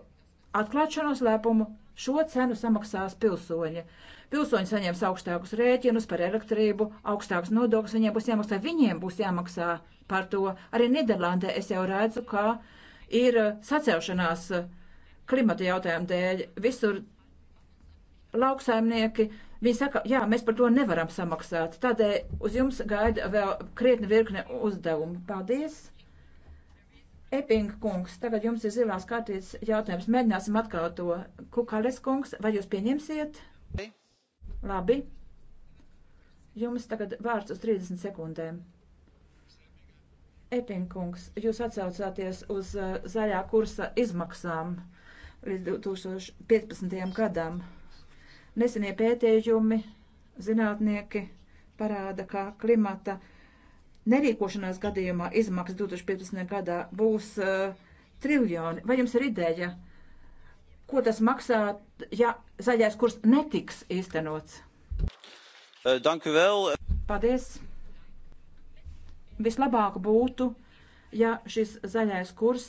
Speaker 3: atklāt šo noslēpumu? Šo cenu samaksās pilsoņi. Pilsoņi saņems augstākus rēķinus par elektrību, augstākus nodokļus viņiem būs jāmaksā. Viņiem būs jāmaksā par to. Arī Nīderlandē es jau redzu, ka ir uh, sacelšanās uh, klimata jautājumu dēļ. Visur lauksaimnieki Viņi saka, jā, mēs par to nevaram samaksāt. Tādēļ eh, uz jums gaida vēl krietni virkne uzdevumu. Paldies! Epinga kungs, tagad jums ir zilās kārtības jautājums. Mēģināsim atkal to. Kukales kungs, vai jūs pieņemsiet? Labi. Labi. Jums tagad vārds uz 30 sekundēm. Epinga kungs, jūs atsaucāties uz eh, zaļā kursa izmaksām līdz 2015. gadam. Nesenie pētījumi zinātnieki parāda, ka klimata nerīkošanās gadījumā izmaksas 2015. gadā būs uh, triljoni. Vai jums ir ideja, ko tas maksā, ja zaļais kurs netiks īstenots? Eh, Danku vēl. Paldies. Vislabāk būtu, ja šis zaļais kurs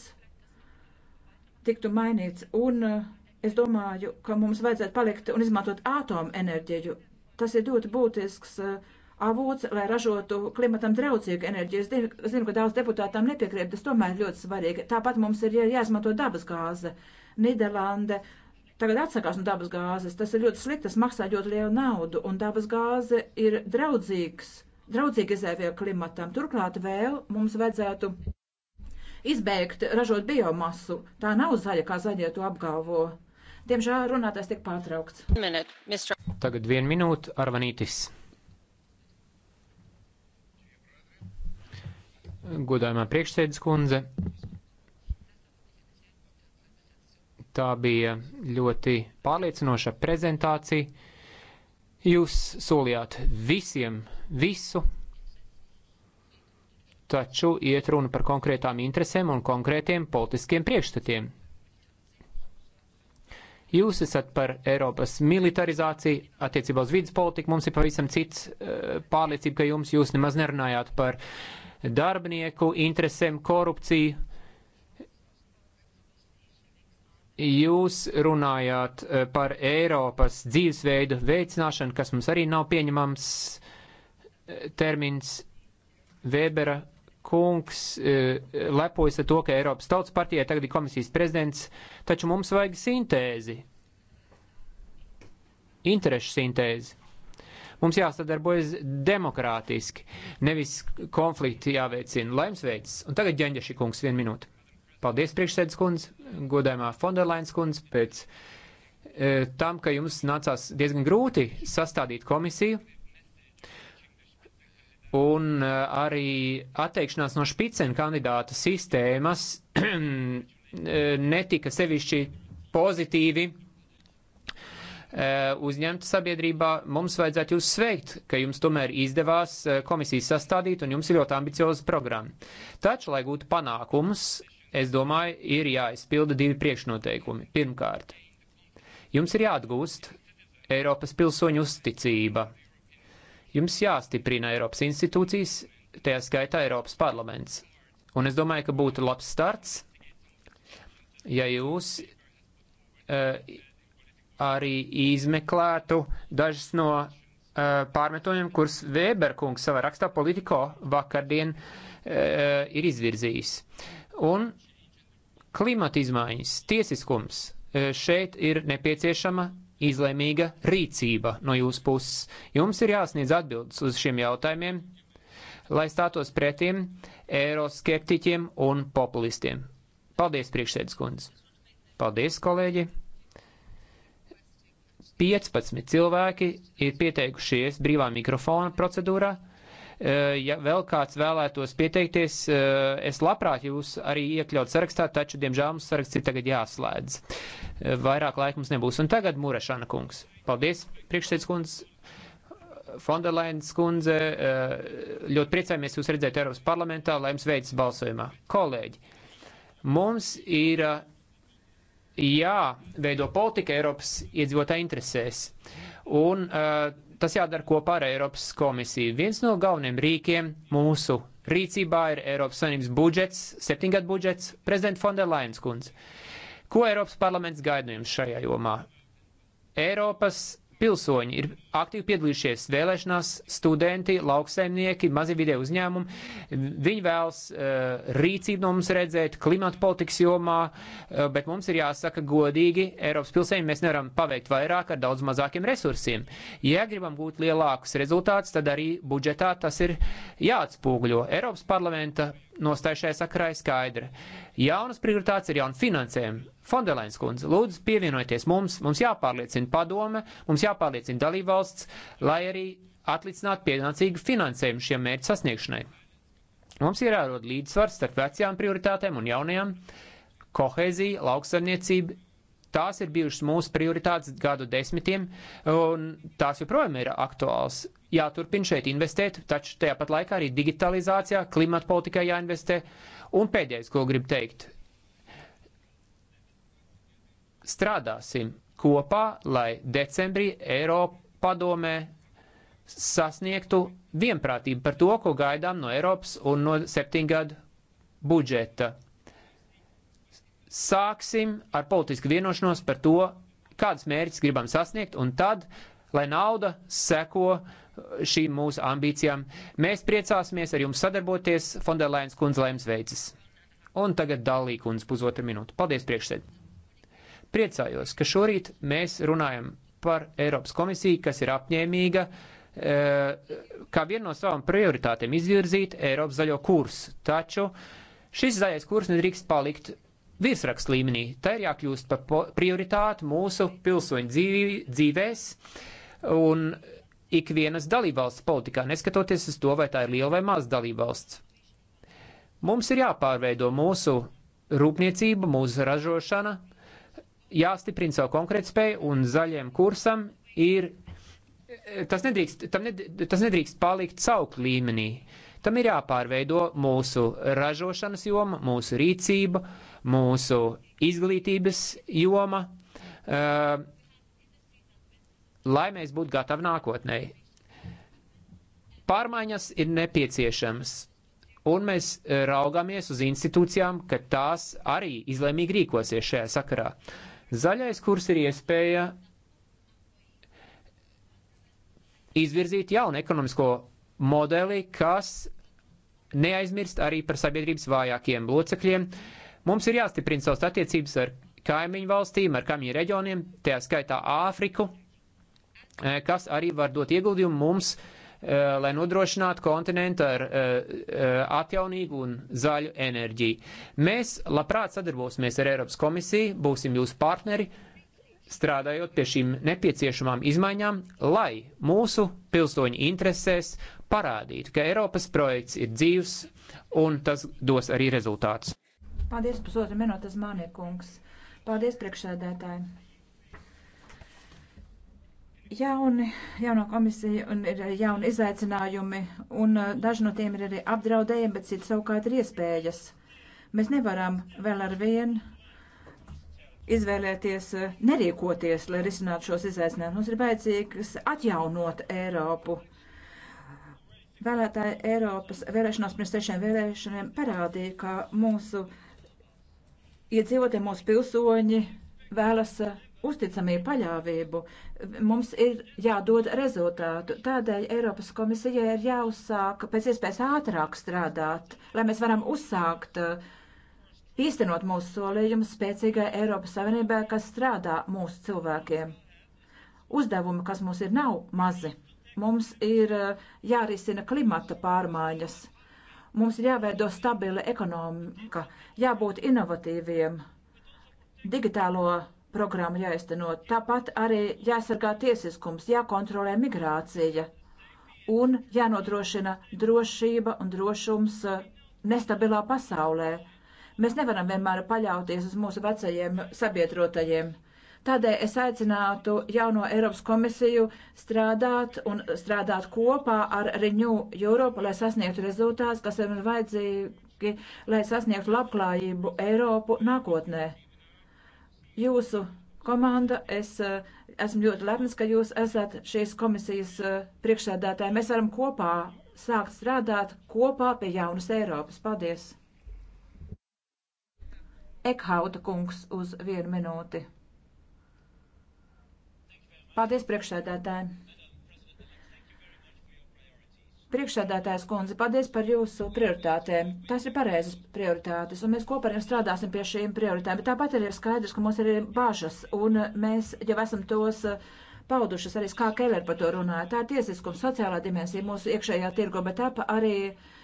Speaker 3: tiktu mainīts un uh, Es domāju, ka mums vajadzētu palikt un izmantot atomenerģiju. Tas ir ļoti būtisks uh, avots, lai ražotu klimatam draudzīgu enerģiju. Es zinu, zinu ka daudz deputātām nepiekrīt, tas tomēr ir ļoti svarīgi. Tāpat mums ir jāizmanto dabas gāze. Nīderlande tagad atsakās no dabas gāzes. Tas ir ļoti slikti, tas maksā ļoti lielu naudu, un dabas gāze ir draudzīgs, draudzīgi izēvēja klimatam. Turklāt vēl mums vajadzētu izbeigt ražot biomasu. Tā nav zaļa, kā zaļie to apgalvo. Diemžēl runātājs tiek pārtraukts. Minute,
Speaker 2: Tagad vienu minūtu Arvanītis. Godājumā priekšsēdus kundze. Tā bija ļoti pārliecinoša prezentācija. Jūs solījāt visiem visu, taču iet runa par konkrētām interesēm un konkrētiem politiskiem priekšstatiem. Jūs esat par Eiropas militarizāciju, attiecībā uz vidas politiku mums ir pavisam cits eh, pārliecība, ka jums jūs nemaz nerunājāt par darbinieku interesēm, korupciju. Jūs runājāt eh, par Eiropas dzīvesveidu veicināšanu, kas mums arī nav pieņemams eh, termins Vēbera kungs e, lepojas ar to, ka Eiropas Tautas partijai tagad ir komisijas prezidents, taču mums vajag sintēzi, interešu sintēzi. Mums jāsadarbojas demokrātiski, nevis konflikti jāveicina. Laims veids. Un tagad ģenģeši kungs vienu minūtu. Paldies priekšsēdus kundz, godājumā Fonderlains kundz, pēc e, tam, ka jums nācās diezgan grūti sastādīt komisiju, un eh, arī atteikšanās no špicen kandidātu sistēmas eh, netika sevišķi pozitīvi eh, uzņemta sabiedrībā. Mums vajadzētu jūs sveikt, ka jums tomēr izdevās komisijas sastādīt un jums ir ļoti ambicioza programma. Taču, lai gūtu panākumus, es domāju, ir jāizpilda divi priekšnoteikumi. Pirmkārt, jums ir jāatgūst Eiropas pilsoņu uzticība Jums jāstiprina Eiropas institūcijas, tajā skaitā Eiropas parlaments. Un es domāju, ka būtu labs starts, ja jūs uh, arī izmeklētu dažas no uh, pārmetumiem, kurus Vēberkungs savā rakstā politiko vakardien uh, ir izvirzījis. Un klimata izmaiņas, tiesiskums. Uh, šeit ir nepieciešama izlēmīga rīcība no jūsu puses. Jums ir jāsniedz atbildes uz šiem jautājumiem, lai stātos pretim eiroskeptiķiem un populistiem. Paldies, priekšsēdus kundze. Paldies, kolēģi. 15 cilvēki ir pieteikušies brīvā mikrofona procedūrā. Eh, ja vēl kāds vēlētos pieteikties, eh, es labprāt jūs arī iekļaut sarakstā, taču, diemžēl, mums saraksts ir tagad jāslēdz. Eh, vairāk laika mums nebūs. Un tagad Murešana kungs. Paldies, priekšsēdz kundze. Fonderlainas kundze, ļoti priecājamies jūs redzēt Eiropas parlamentā, lai jums veicas balsojumā. Kolēģi, mums ir jāveido politika Eiropas iedzīvotāju interesēs. Un uh, Tas jādara kopā ar Eiropas komisiju. Viens no galveniem rīkiem mūsu rīcībā ir Eiropas Savienības budžets, septiņgad budžets, prezidenta Fonda Lainas kundze. Ko Eiropas parlaments gaida jums šajā jomā? Eiropas pilsoņi ir aktīvi piedalījušies vēlēšanās, studenti, lauksaimnieki, mazi video uzņēmumi. Viņi vēlas uh, rīcību no mums redzēt klimata politikas jomā, uh, bet mums ir jāsaka godīgi, Eiropas pilsēņi mēs nevaram paveikt vairāk ar daudz mazākiem resursiem. Ja gribam gūt lielākus rezultātus, tad arī budžetā tas ir jāatspūgļo. Eiropas parlamenta nostāja šajā sakarā ir skaidra. Jaunas prioritātes ir jauna finansējuma. Fondelēns kundze, lūdzu pievienojieties mums, mums jāpārliecina padome, mums jāpārliecina dalībvalsts, lai arī atlicinātu pienācīgu finansējumu šiem mērķu sasniegšanai. Mums ir jārod līdzsvars starp vecajām prioritātēm un jaunajām. Kohēzija, lauksaimniecība, tās ir bijušas mūsu prioritātes gadu desmitiem, un tās joprojām ir aktuāls jāturpina šeit investēt, taču tajā pat laikā arī digitalizācijā, klimata politikā jāinvestē. Un pēdējais, ko gribu teikt, strādāsim kopā, lai decembrī Eiropa padomē sasniegtu vienprātību par to, ko gaidām no Eiropas un no septiņgadu budžeta. Sāksim ar politisku vienošanos par to, kādas mērķis gribam sasniegt, un tad, lai nauda seko šīm mūsu ambīcijām. Mēs priecāsimies ar jums sadarboties. Fonderlainas kundze laims veicis. Un tagad Dallī kundze pusotru minūtu. Paldies priekšsēd. Priecājos, ka šorīt mēs runājam par Eiropas komisiju, kas ir apņēmīga eh, kā vienu no savām prioritātēm izvirzīt Eiropas zaļo kursu. Taču šis zaļais kurs nedrīkst palikt virsrakstu līmenī. Tā ir jākļūst par prioritāti mūsu pilsoņu dzīvēs. Un ikvienas dalībvalsts politikā, neskatoties uz to, vai tā ir liela vai maza dalībvalsts. Mums ir jāpārveido mūsu rūpniecība, mūsu ražošana, jāstiprina savu konkrētspēju un zaļiem kursam ir. Tas nedrīkst, ned, tas nedrīkst palikt sauklu līmenī. Tam ir jāpārveido mūsu ražošanas joma, mūsu rīcība, mūsu izglītības joma. Uh, lai mēs būtu gatavi nākotnē. Pārmaiņas ir nepieciešamas, un mēs e, raugāmies uz institūcijām, ka tās arī izlēmīgi rīkosies šajā sakarā. Zaļais kurs ir iespēja izvirzīt jaunu ekonomisko modeli, kas neaizmirst arī par sabiedrības vājākiem locekļiem. Mums ir jāstiprina savas attiecības ar kaimiņu valstīm, ar kaimiņu reģioniem, tajā skaitā Āfriku. Eh, kas arī var dot ieguldījumu mums, eh, lai nodrošinātu kontinentu ar eh, atjaunīgu un zaļu enerģiju. Mēs labprāt sadarbosimies ar Eiropas komisiju, būsim jūsu partneri, strādājot pie šīm nepieciešamām izmaiņām, lai mūsu pilsoņu interesēs parādītu, ka Eiropas projekts ir dzīvs un tas dos arī rezultātus.
Speaker 3: Paldies, pusotra minūtes, Māniekungs. Paldies, priekšsēdētāji. Jauni, jauno komisiju un ir jauni izaicinājumi, un eh, daži no tiem ir arī apdraudējumi, bet citi savukārt ir iespējas. Mēs nevaram vēl ar vienu izvēlēties eh, nerīkoties, lai risinātu šos izaicinājumus. Mums ir vajadzīgs atjaunot Eiropu. Vēlētāji Eiropas vēlēšanās pirms trešiem vēlēšaniem parādīja, ka mūsu iedzīvotie, mūsu pilsoņi vēlas eh, uzticamību, paļāvību. Mums ir jādod rezultātu. Tādēļ Eiropas komisijai ir jāuzsāk pēc iespējas ātrāk strādāt, lai mēs varam uzsākt uh, īstenot mūsu solījumu spēcīgai Eiropas Savienībai, kas strādā mūsu cilvēkiem. Uzdevumi, kas mums ir, nav mazi. Mums ir uh, jārisina klimata pārmaiņas. Mums ir jāveido stabila ekonomika, jābūt inovatīviem, digitālo programma jāizteno. Tāpat arī jāsargā tiesiskums, jākontrolē migrācija un jānodrošina drošība un drošums eh, nestabilā pasaulē. Mēs nevaram vienmēr paļauties uz mūsu vecajiem sabiedrotajiem. Tādēļ es aicinātu jauno Eiropas komisiju strādāt un strādāt kopā ar Renew Europe, lai sasniegtu rezultātus, kas ir vajadzīgi, lai sasniegtu labklājību Eiropu nākotnē jūsu komanda. Es eh, esmu ļoti lepns, ka jūs esat šīs komisijas eh, priekšsēdētāji. Mēs varam kopā sākt strādāt kopā pie jaunas Eiropas. Paldies! Ekhauta kungs uz vienu minūti. Paldies priekšsēdētājiem! Priekšsēdētājs kundze, paldies par jūsu prioritātēm. Tās ir pareizas prioritātes, un mēs kopā arī strādāsim pie šīm prioritātēm. Bet tāpat arī ir skaidrs, ka mums ir bāžas, un mēs jau esam tos uh, paudušas, arī kā Keller par to runāja. Tā ir tiesiskums, sociālā dimensija mūsu iekšējā tirgo, bet tāpat arī. Uh,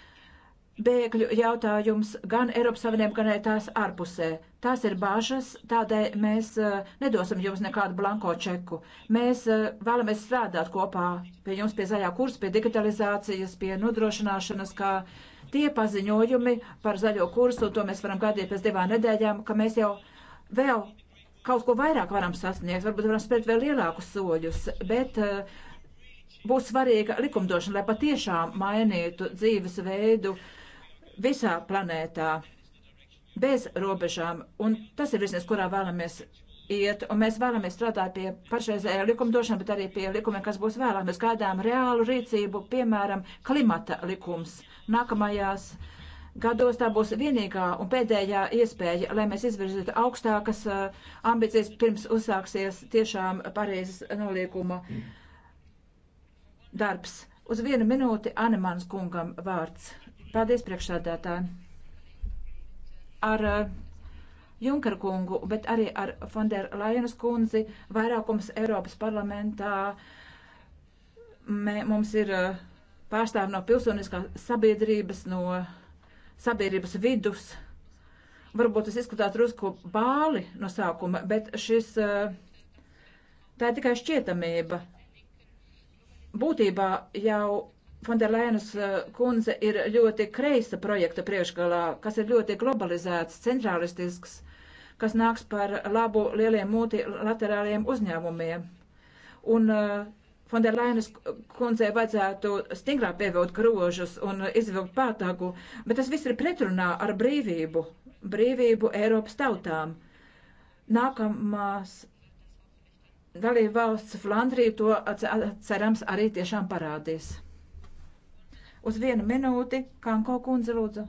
Speaker 3: bēgļu jautājums gan Eiropas Savienībā, gan arī tās ārpusē. Tās ir bažas, tādēļ mēs uh, nedosim jums nekādu blanko čeku. Mēs uh, vēlamies strādāt kopā pie jums, pie zaļā kursa, pie digitalizācijas, pie nodrošināšanas, kā tie paziņojumi par zaļo kursu, to mēs varam gadīt pēc divām nedēļām, ka mēs jau vēl kaut ko vairāk varam sasniegt, varbūt varam spērt vēl lielākus soļus, bet uh, būs svarīga likumdošana, lai patiešām mainītu dzīves veidu. Uh, visā planētā, bez robežām, un tas ir virziens, kurā vēlamies iet, un mēs vēlamies strādāt pie pašreizējā likumdošana, bet arī pie likumiem, kas būs vēlāk. Mēs gaidām reālu rīcību, piemēram, klimata likums nākamajās gados tā būs vienīgā un pēdējā iespēja, lai mēs izvirzītu augstākas uh, ambīcijas pirms uzsāksies tiešām pareizes noliekuma darbs. Uz vienu minūti Anemans kungam vārds. Paldies, priekšsādātāji. Ar uh, Junkara kungu, bet arī ar Fondera Lajenas kundzi vairākums Eiropas parlamentā. Mē, mums ir uh, pārstāvi no pilsoniskās sabiedrības, no sabiedrības vidus. Varbūt tas izskatās drusku bāli no sākuma, bet šis, uh, tā ir tikai šķietamība. Būtībā jau Fonderlainas eh, kundze ir ļoti kreisa projekta priekšgalā, kas ir ļoti globalizēts, centrālistisks, kas nāks par labu lieliem multilaterāliem uzņēmumiem. Un uh, eh, Fonderlainas kundzei vajadzētu stingrāk pievilkt grožus un izvilkt pātagu, bet tas viss ir pretrunā ar brīvību, brīvību Eiropas tautām. Nākamās dalība valsts Flandrija to cerams arī tiešām parādīs uz vienu minūti. Kanko kundze, lūdzu.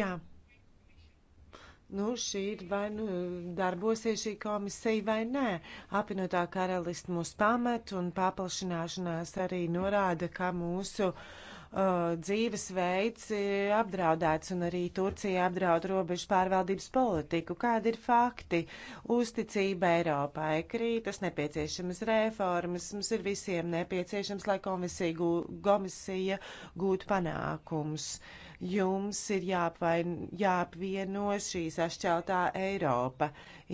Speaker 3: Jā.
Speaker 1: Nu, šī ir vai nu darbosies šī komisija vai nē. Apvienotā karalista mūs pamet un paplašināšanās arī norāda, ka mūsu uh, uh, dzīvesveids ir apdraudēts un arī Turcija apdraud robežu pārvaldības politiku. Kādi ir fakti? Uzticība Eiropai krītas, nepieciešamas reformas, mums ir visiem nepieciešams, lai komisija, gū, komisija gūtu panākums. Uh, Jums ir jāapvain, jāapvieno šīs ašķeltā Eiropa,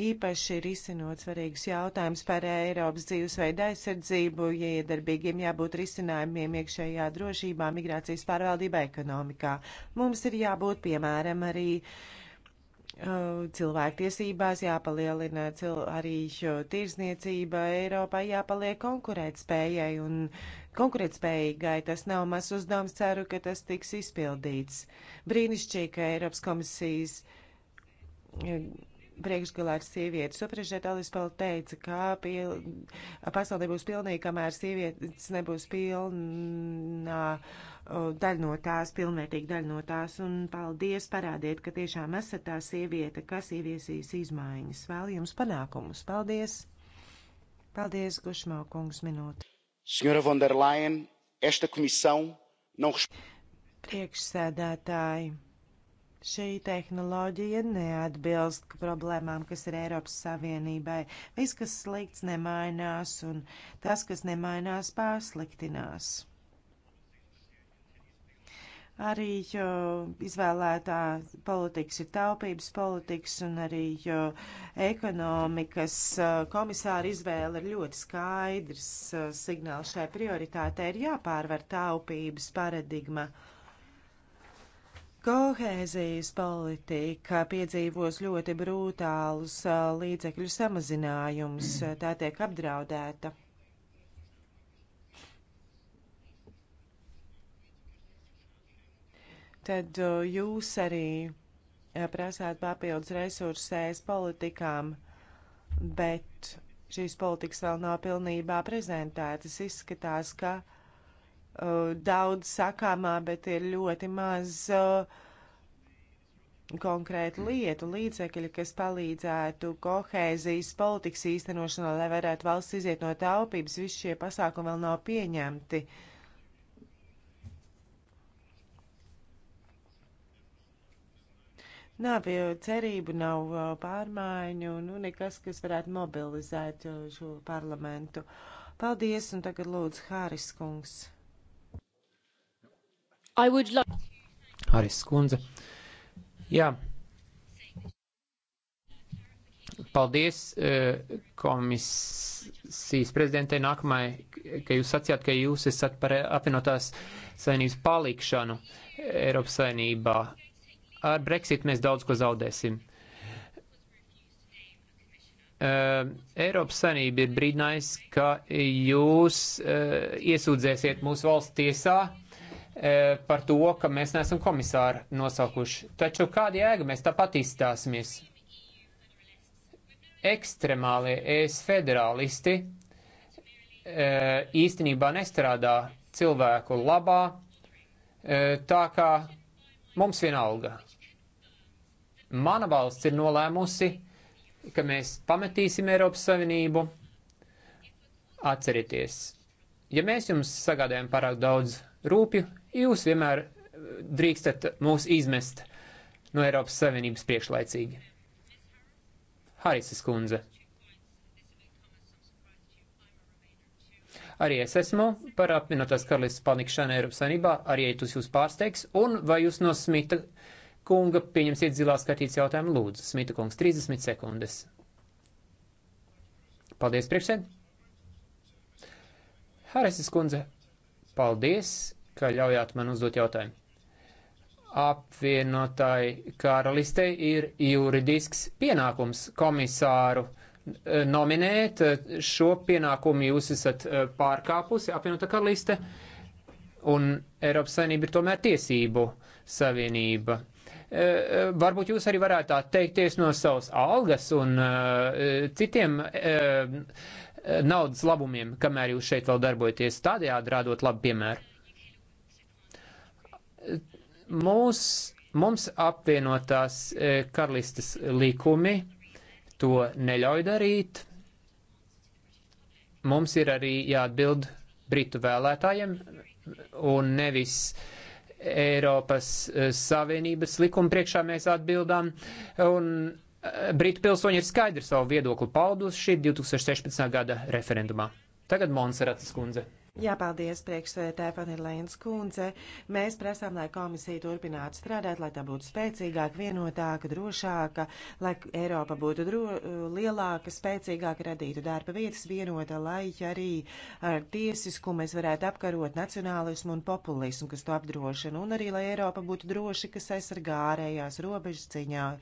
Speaker 1: īpaši risinot svarīgus jautājumus par Eiropas dzīvesveidu aizsardzību, ja iedarbīgiem jābūt risinājumiem iekšējā drošībā, migrācijas pārvaldībā, ekonomikā. Mums ir jābūt, piemēram, arī uh, Uh, cilvēktiesībās jāpalielina cil arī tirzniecība Eiropā, jāpaliek konkurētspējai un konkurētspējīgai. Tas nav mazs uzdevums, ceru, ka tas tiks izpildīts. Brīnišķīgi, ka Eiropas komisijas priekšgalā ir sievietes. Supražēt Alispēl teica, ka pil... pasaulē būs pilnīgi, kamēr sievietes nebūs pilnā daļa no tās, pilnvērtīga daļa no tās. Un paldies, parādiet, ka tiešām esat tā sieviete, kas ieviesīs izmaiņas. Vēl jums panākumus. Paldies! Paldies, Gušmau kungs, minūte. Senhora von der Leyen, esta comissão não responde. Priekšsēdētāji. Šī tehnoloģija neatbilst problēmām, kas ir Eiropas Savienībai. Viss, kas slikts, nemainās, un tas, kas nemainās, pārsliktinās. Arī jo, izvēlētā politikas ir taupības politikas, un arī jo, ekonomikas komisāra izvēle ir ļoti skaidrs signāls šai prioritātei. Ir jāpārvar taupības paradigma. Uh, Kohēzijas politika piedzīvos ļoti brutālus līdzekļu samazinājumus, tā tiek apdraudēta. Tad jūs arī prasāt papildus resursēs politikām, bet šīs politikas vēl nav pilnībā prezentētas. Izskatās, ka uh, Eh, daudz sakāmā, bet ir ļoti maz eh, konkrētu lietu, līdzekļu, kas palīdzētu kohēzijas politikas īstenošanā, lai varētu valsts iziet no taupības. Visi šie pasākumi vēl nav pieņemti. Nav jau cerību, nav eh, pārmaiņu, nu nekas, kas varētu mobilizēt šo parlamentu. Paldies, un tagad lūdzu Hāris kungs. Like...
Speaker 2: Arī skundze. Jā. Paldies eh, komisijas prezidentei nākamai, ka jūs sacījāt, ka jūs esat par apvienotās savienības palikšanu Eiropas savienībā. Ar Brexit mēs daudz ko zaudēsim. Uh, Eiropas Sanība ir brīdinājis, ka jūs uh, iesūdzēsiet mūsu valsts tiesā uh, E, par to, ka mēs neesam komisāru nosaukuši. Taču kāda jēga mēs tāpat izstāsimies? Ekstremālie ES federālisti e, īstenībā nestrādā cilvēku labā, e, tā kā mums vienalga. Mana valsts ir nolēmusi, ka mēs pametīsim Eiropas Savienību. Atcerieties, ja mēs jums sagādājam pārāk daudz rūpju, jūs vienmēr eh, drīkstat mūs izmest no Eiropas Savienības priekšlaicīgi. Harises kundze. Arī es esmu par apvienotās karalistas panikšanu Eiropas Savienībā, arī ja tas jūs pārsteigs, un vai jūs no Smita kunga pieņemsiet zilās kartītes jautājumu lūdzu. Smita kungs, 30 sekundes. Paldies, priekšsēd. Harises kundze, paldies ka ļaujāt man uzdot jautājumu. Apvienotāji karalistei ir juridisks pienākums komisāru eh, nominēt. Eh, šo pienākumu jūs esat eh, pārkāpusi, apvienotā karaliste, un Eiropas savienība ir tomēr tiesību savienība varbūt jūs arī varētu atteikties no savas algas un uh, citiem uh, naudas labumiem, kamēr jūs šeit vēl darbojaties, tādējādi rādot labu piemēru. Mūs, mums apvienotās e, karalistes likumi to neļauj darīt. Mums ir arī jāatbild Britu vēlētājiem un nevis Eiropas e, Savienības likuma priekšā mēs atbildām. Un e, Britu pilsoņi ir skaidri savu viedokli pauduši 2016. gada referendumā. Tagad Monserats kundze.
Speaker 1: Jā, paldies, priekšsēdētāja Fanilēns kundze. Mēs prasām, lai komisija turpinātu strādāt, lai tā būtu spēcīgāka, vienotāka, drošāka, lai Eiropa būtu dro, lielāka, spēcīgāka, radītu darba vietas vienota, lai arī ar tiesisku mēs varētu apkarot nacionālismu un populismu, kas to apdrošina, un arī, lai Eiropa būtu droši, kas aizsargā ārējās robežas ciņā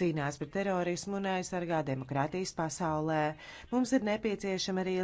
Speaker 1: cīnās pret terorismu un aizsargā demokrātijas pasaulē. Mums ir nepieciešama arī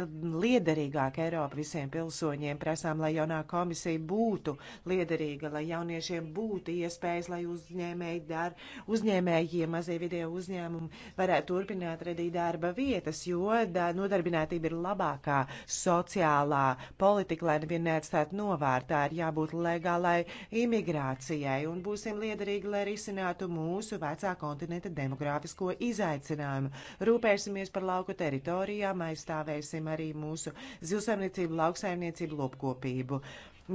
Speaker 1: liederīgāka Eiropa visiem pilsoņiem. Prasām, lai jaunā komisija būtu liederīga, lai jauniešiem būtu iespējas, lai uzņēmēji dar, uzņēmējiem mazie video uzņēmumi varētu turpināt radīt darba vietas, jo da, nodarbinātība ir labākā sociālā politika, lai nevienu neatstātu novārtā, ir jābūt legālai imigrācijai un būsim liederīgi, lai risinātu mūsu vecā kontinentu planēta demogrāfisko izaicinājumu. Rūpēsimies par lauku teritorijām, aizstāvēsim arī mūsu zilsaimniecību, lauksaimniecību, lopkopību.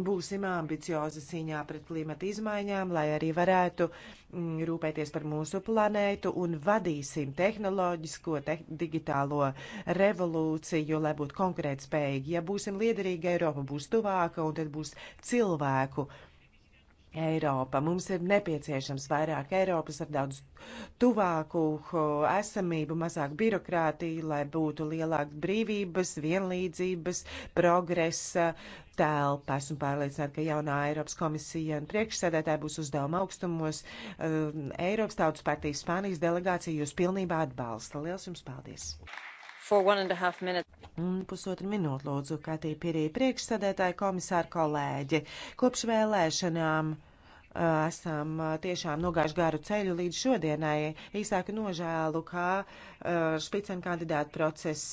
Speaker 1: Būsim ambiciozi cīņā pret klimata izmaiņām, lai arī varētu mm, rūpēties par mūsu planētu un vadīsim tehnoloģisko, te digitālo revolūciju, lai būtu konkurētspējīgi. Ja būsim liederīgi, Eiropa būs tuvāka un tad būs cilvēku Eiropa. Mums ir nepieciešams vairāk Eiropas ar daudz tuvāku esamību, mazāk birokrātiju, lai būtu lielāka brīvības, vienlīdzības, progresa telpa. Esmu pārliecināta, ka jaunā Eiropas komisija un priekšsēdētāja būs uzdevuma augstumos. Um, Eiropas Tautas partijas Spānijas delegācija jūs pilnībā atbalsta. Liels jums paldies! Pusotru minūtu lūdzu, kā tī pirī priekšsēdētāji komisāri kolēģi. Kopš vēlēšanām uh, esam uh, tiešām nogājuši garu ceļu līdz šodienai. Īsāku nožēlu, ka uh, špicen kandidātu process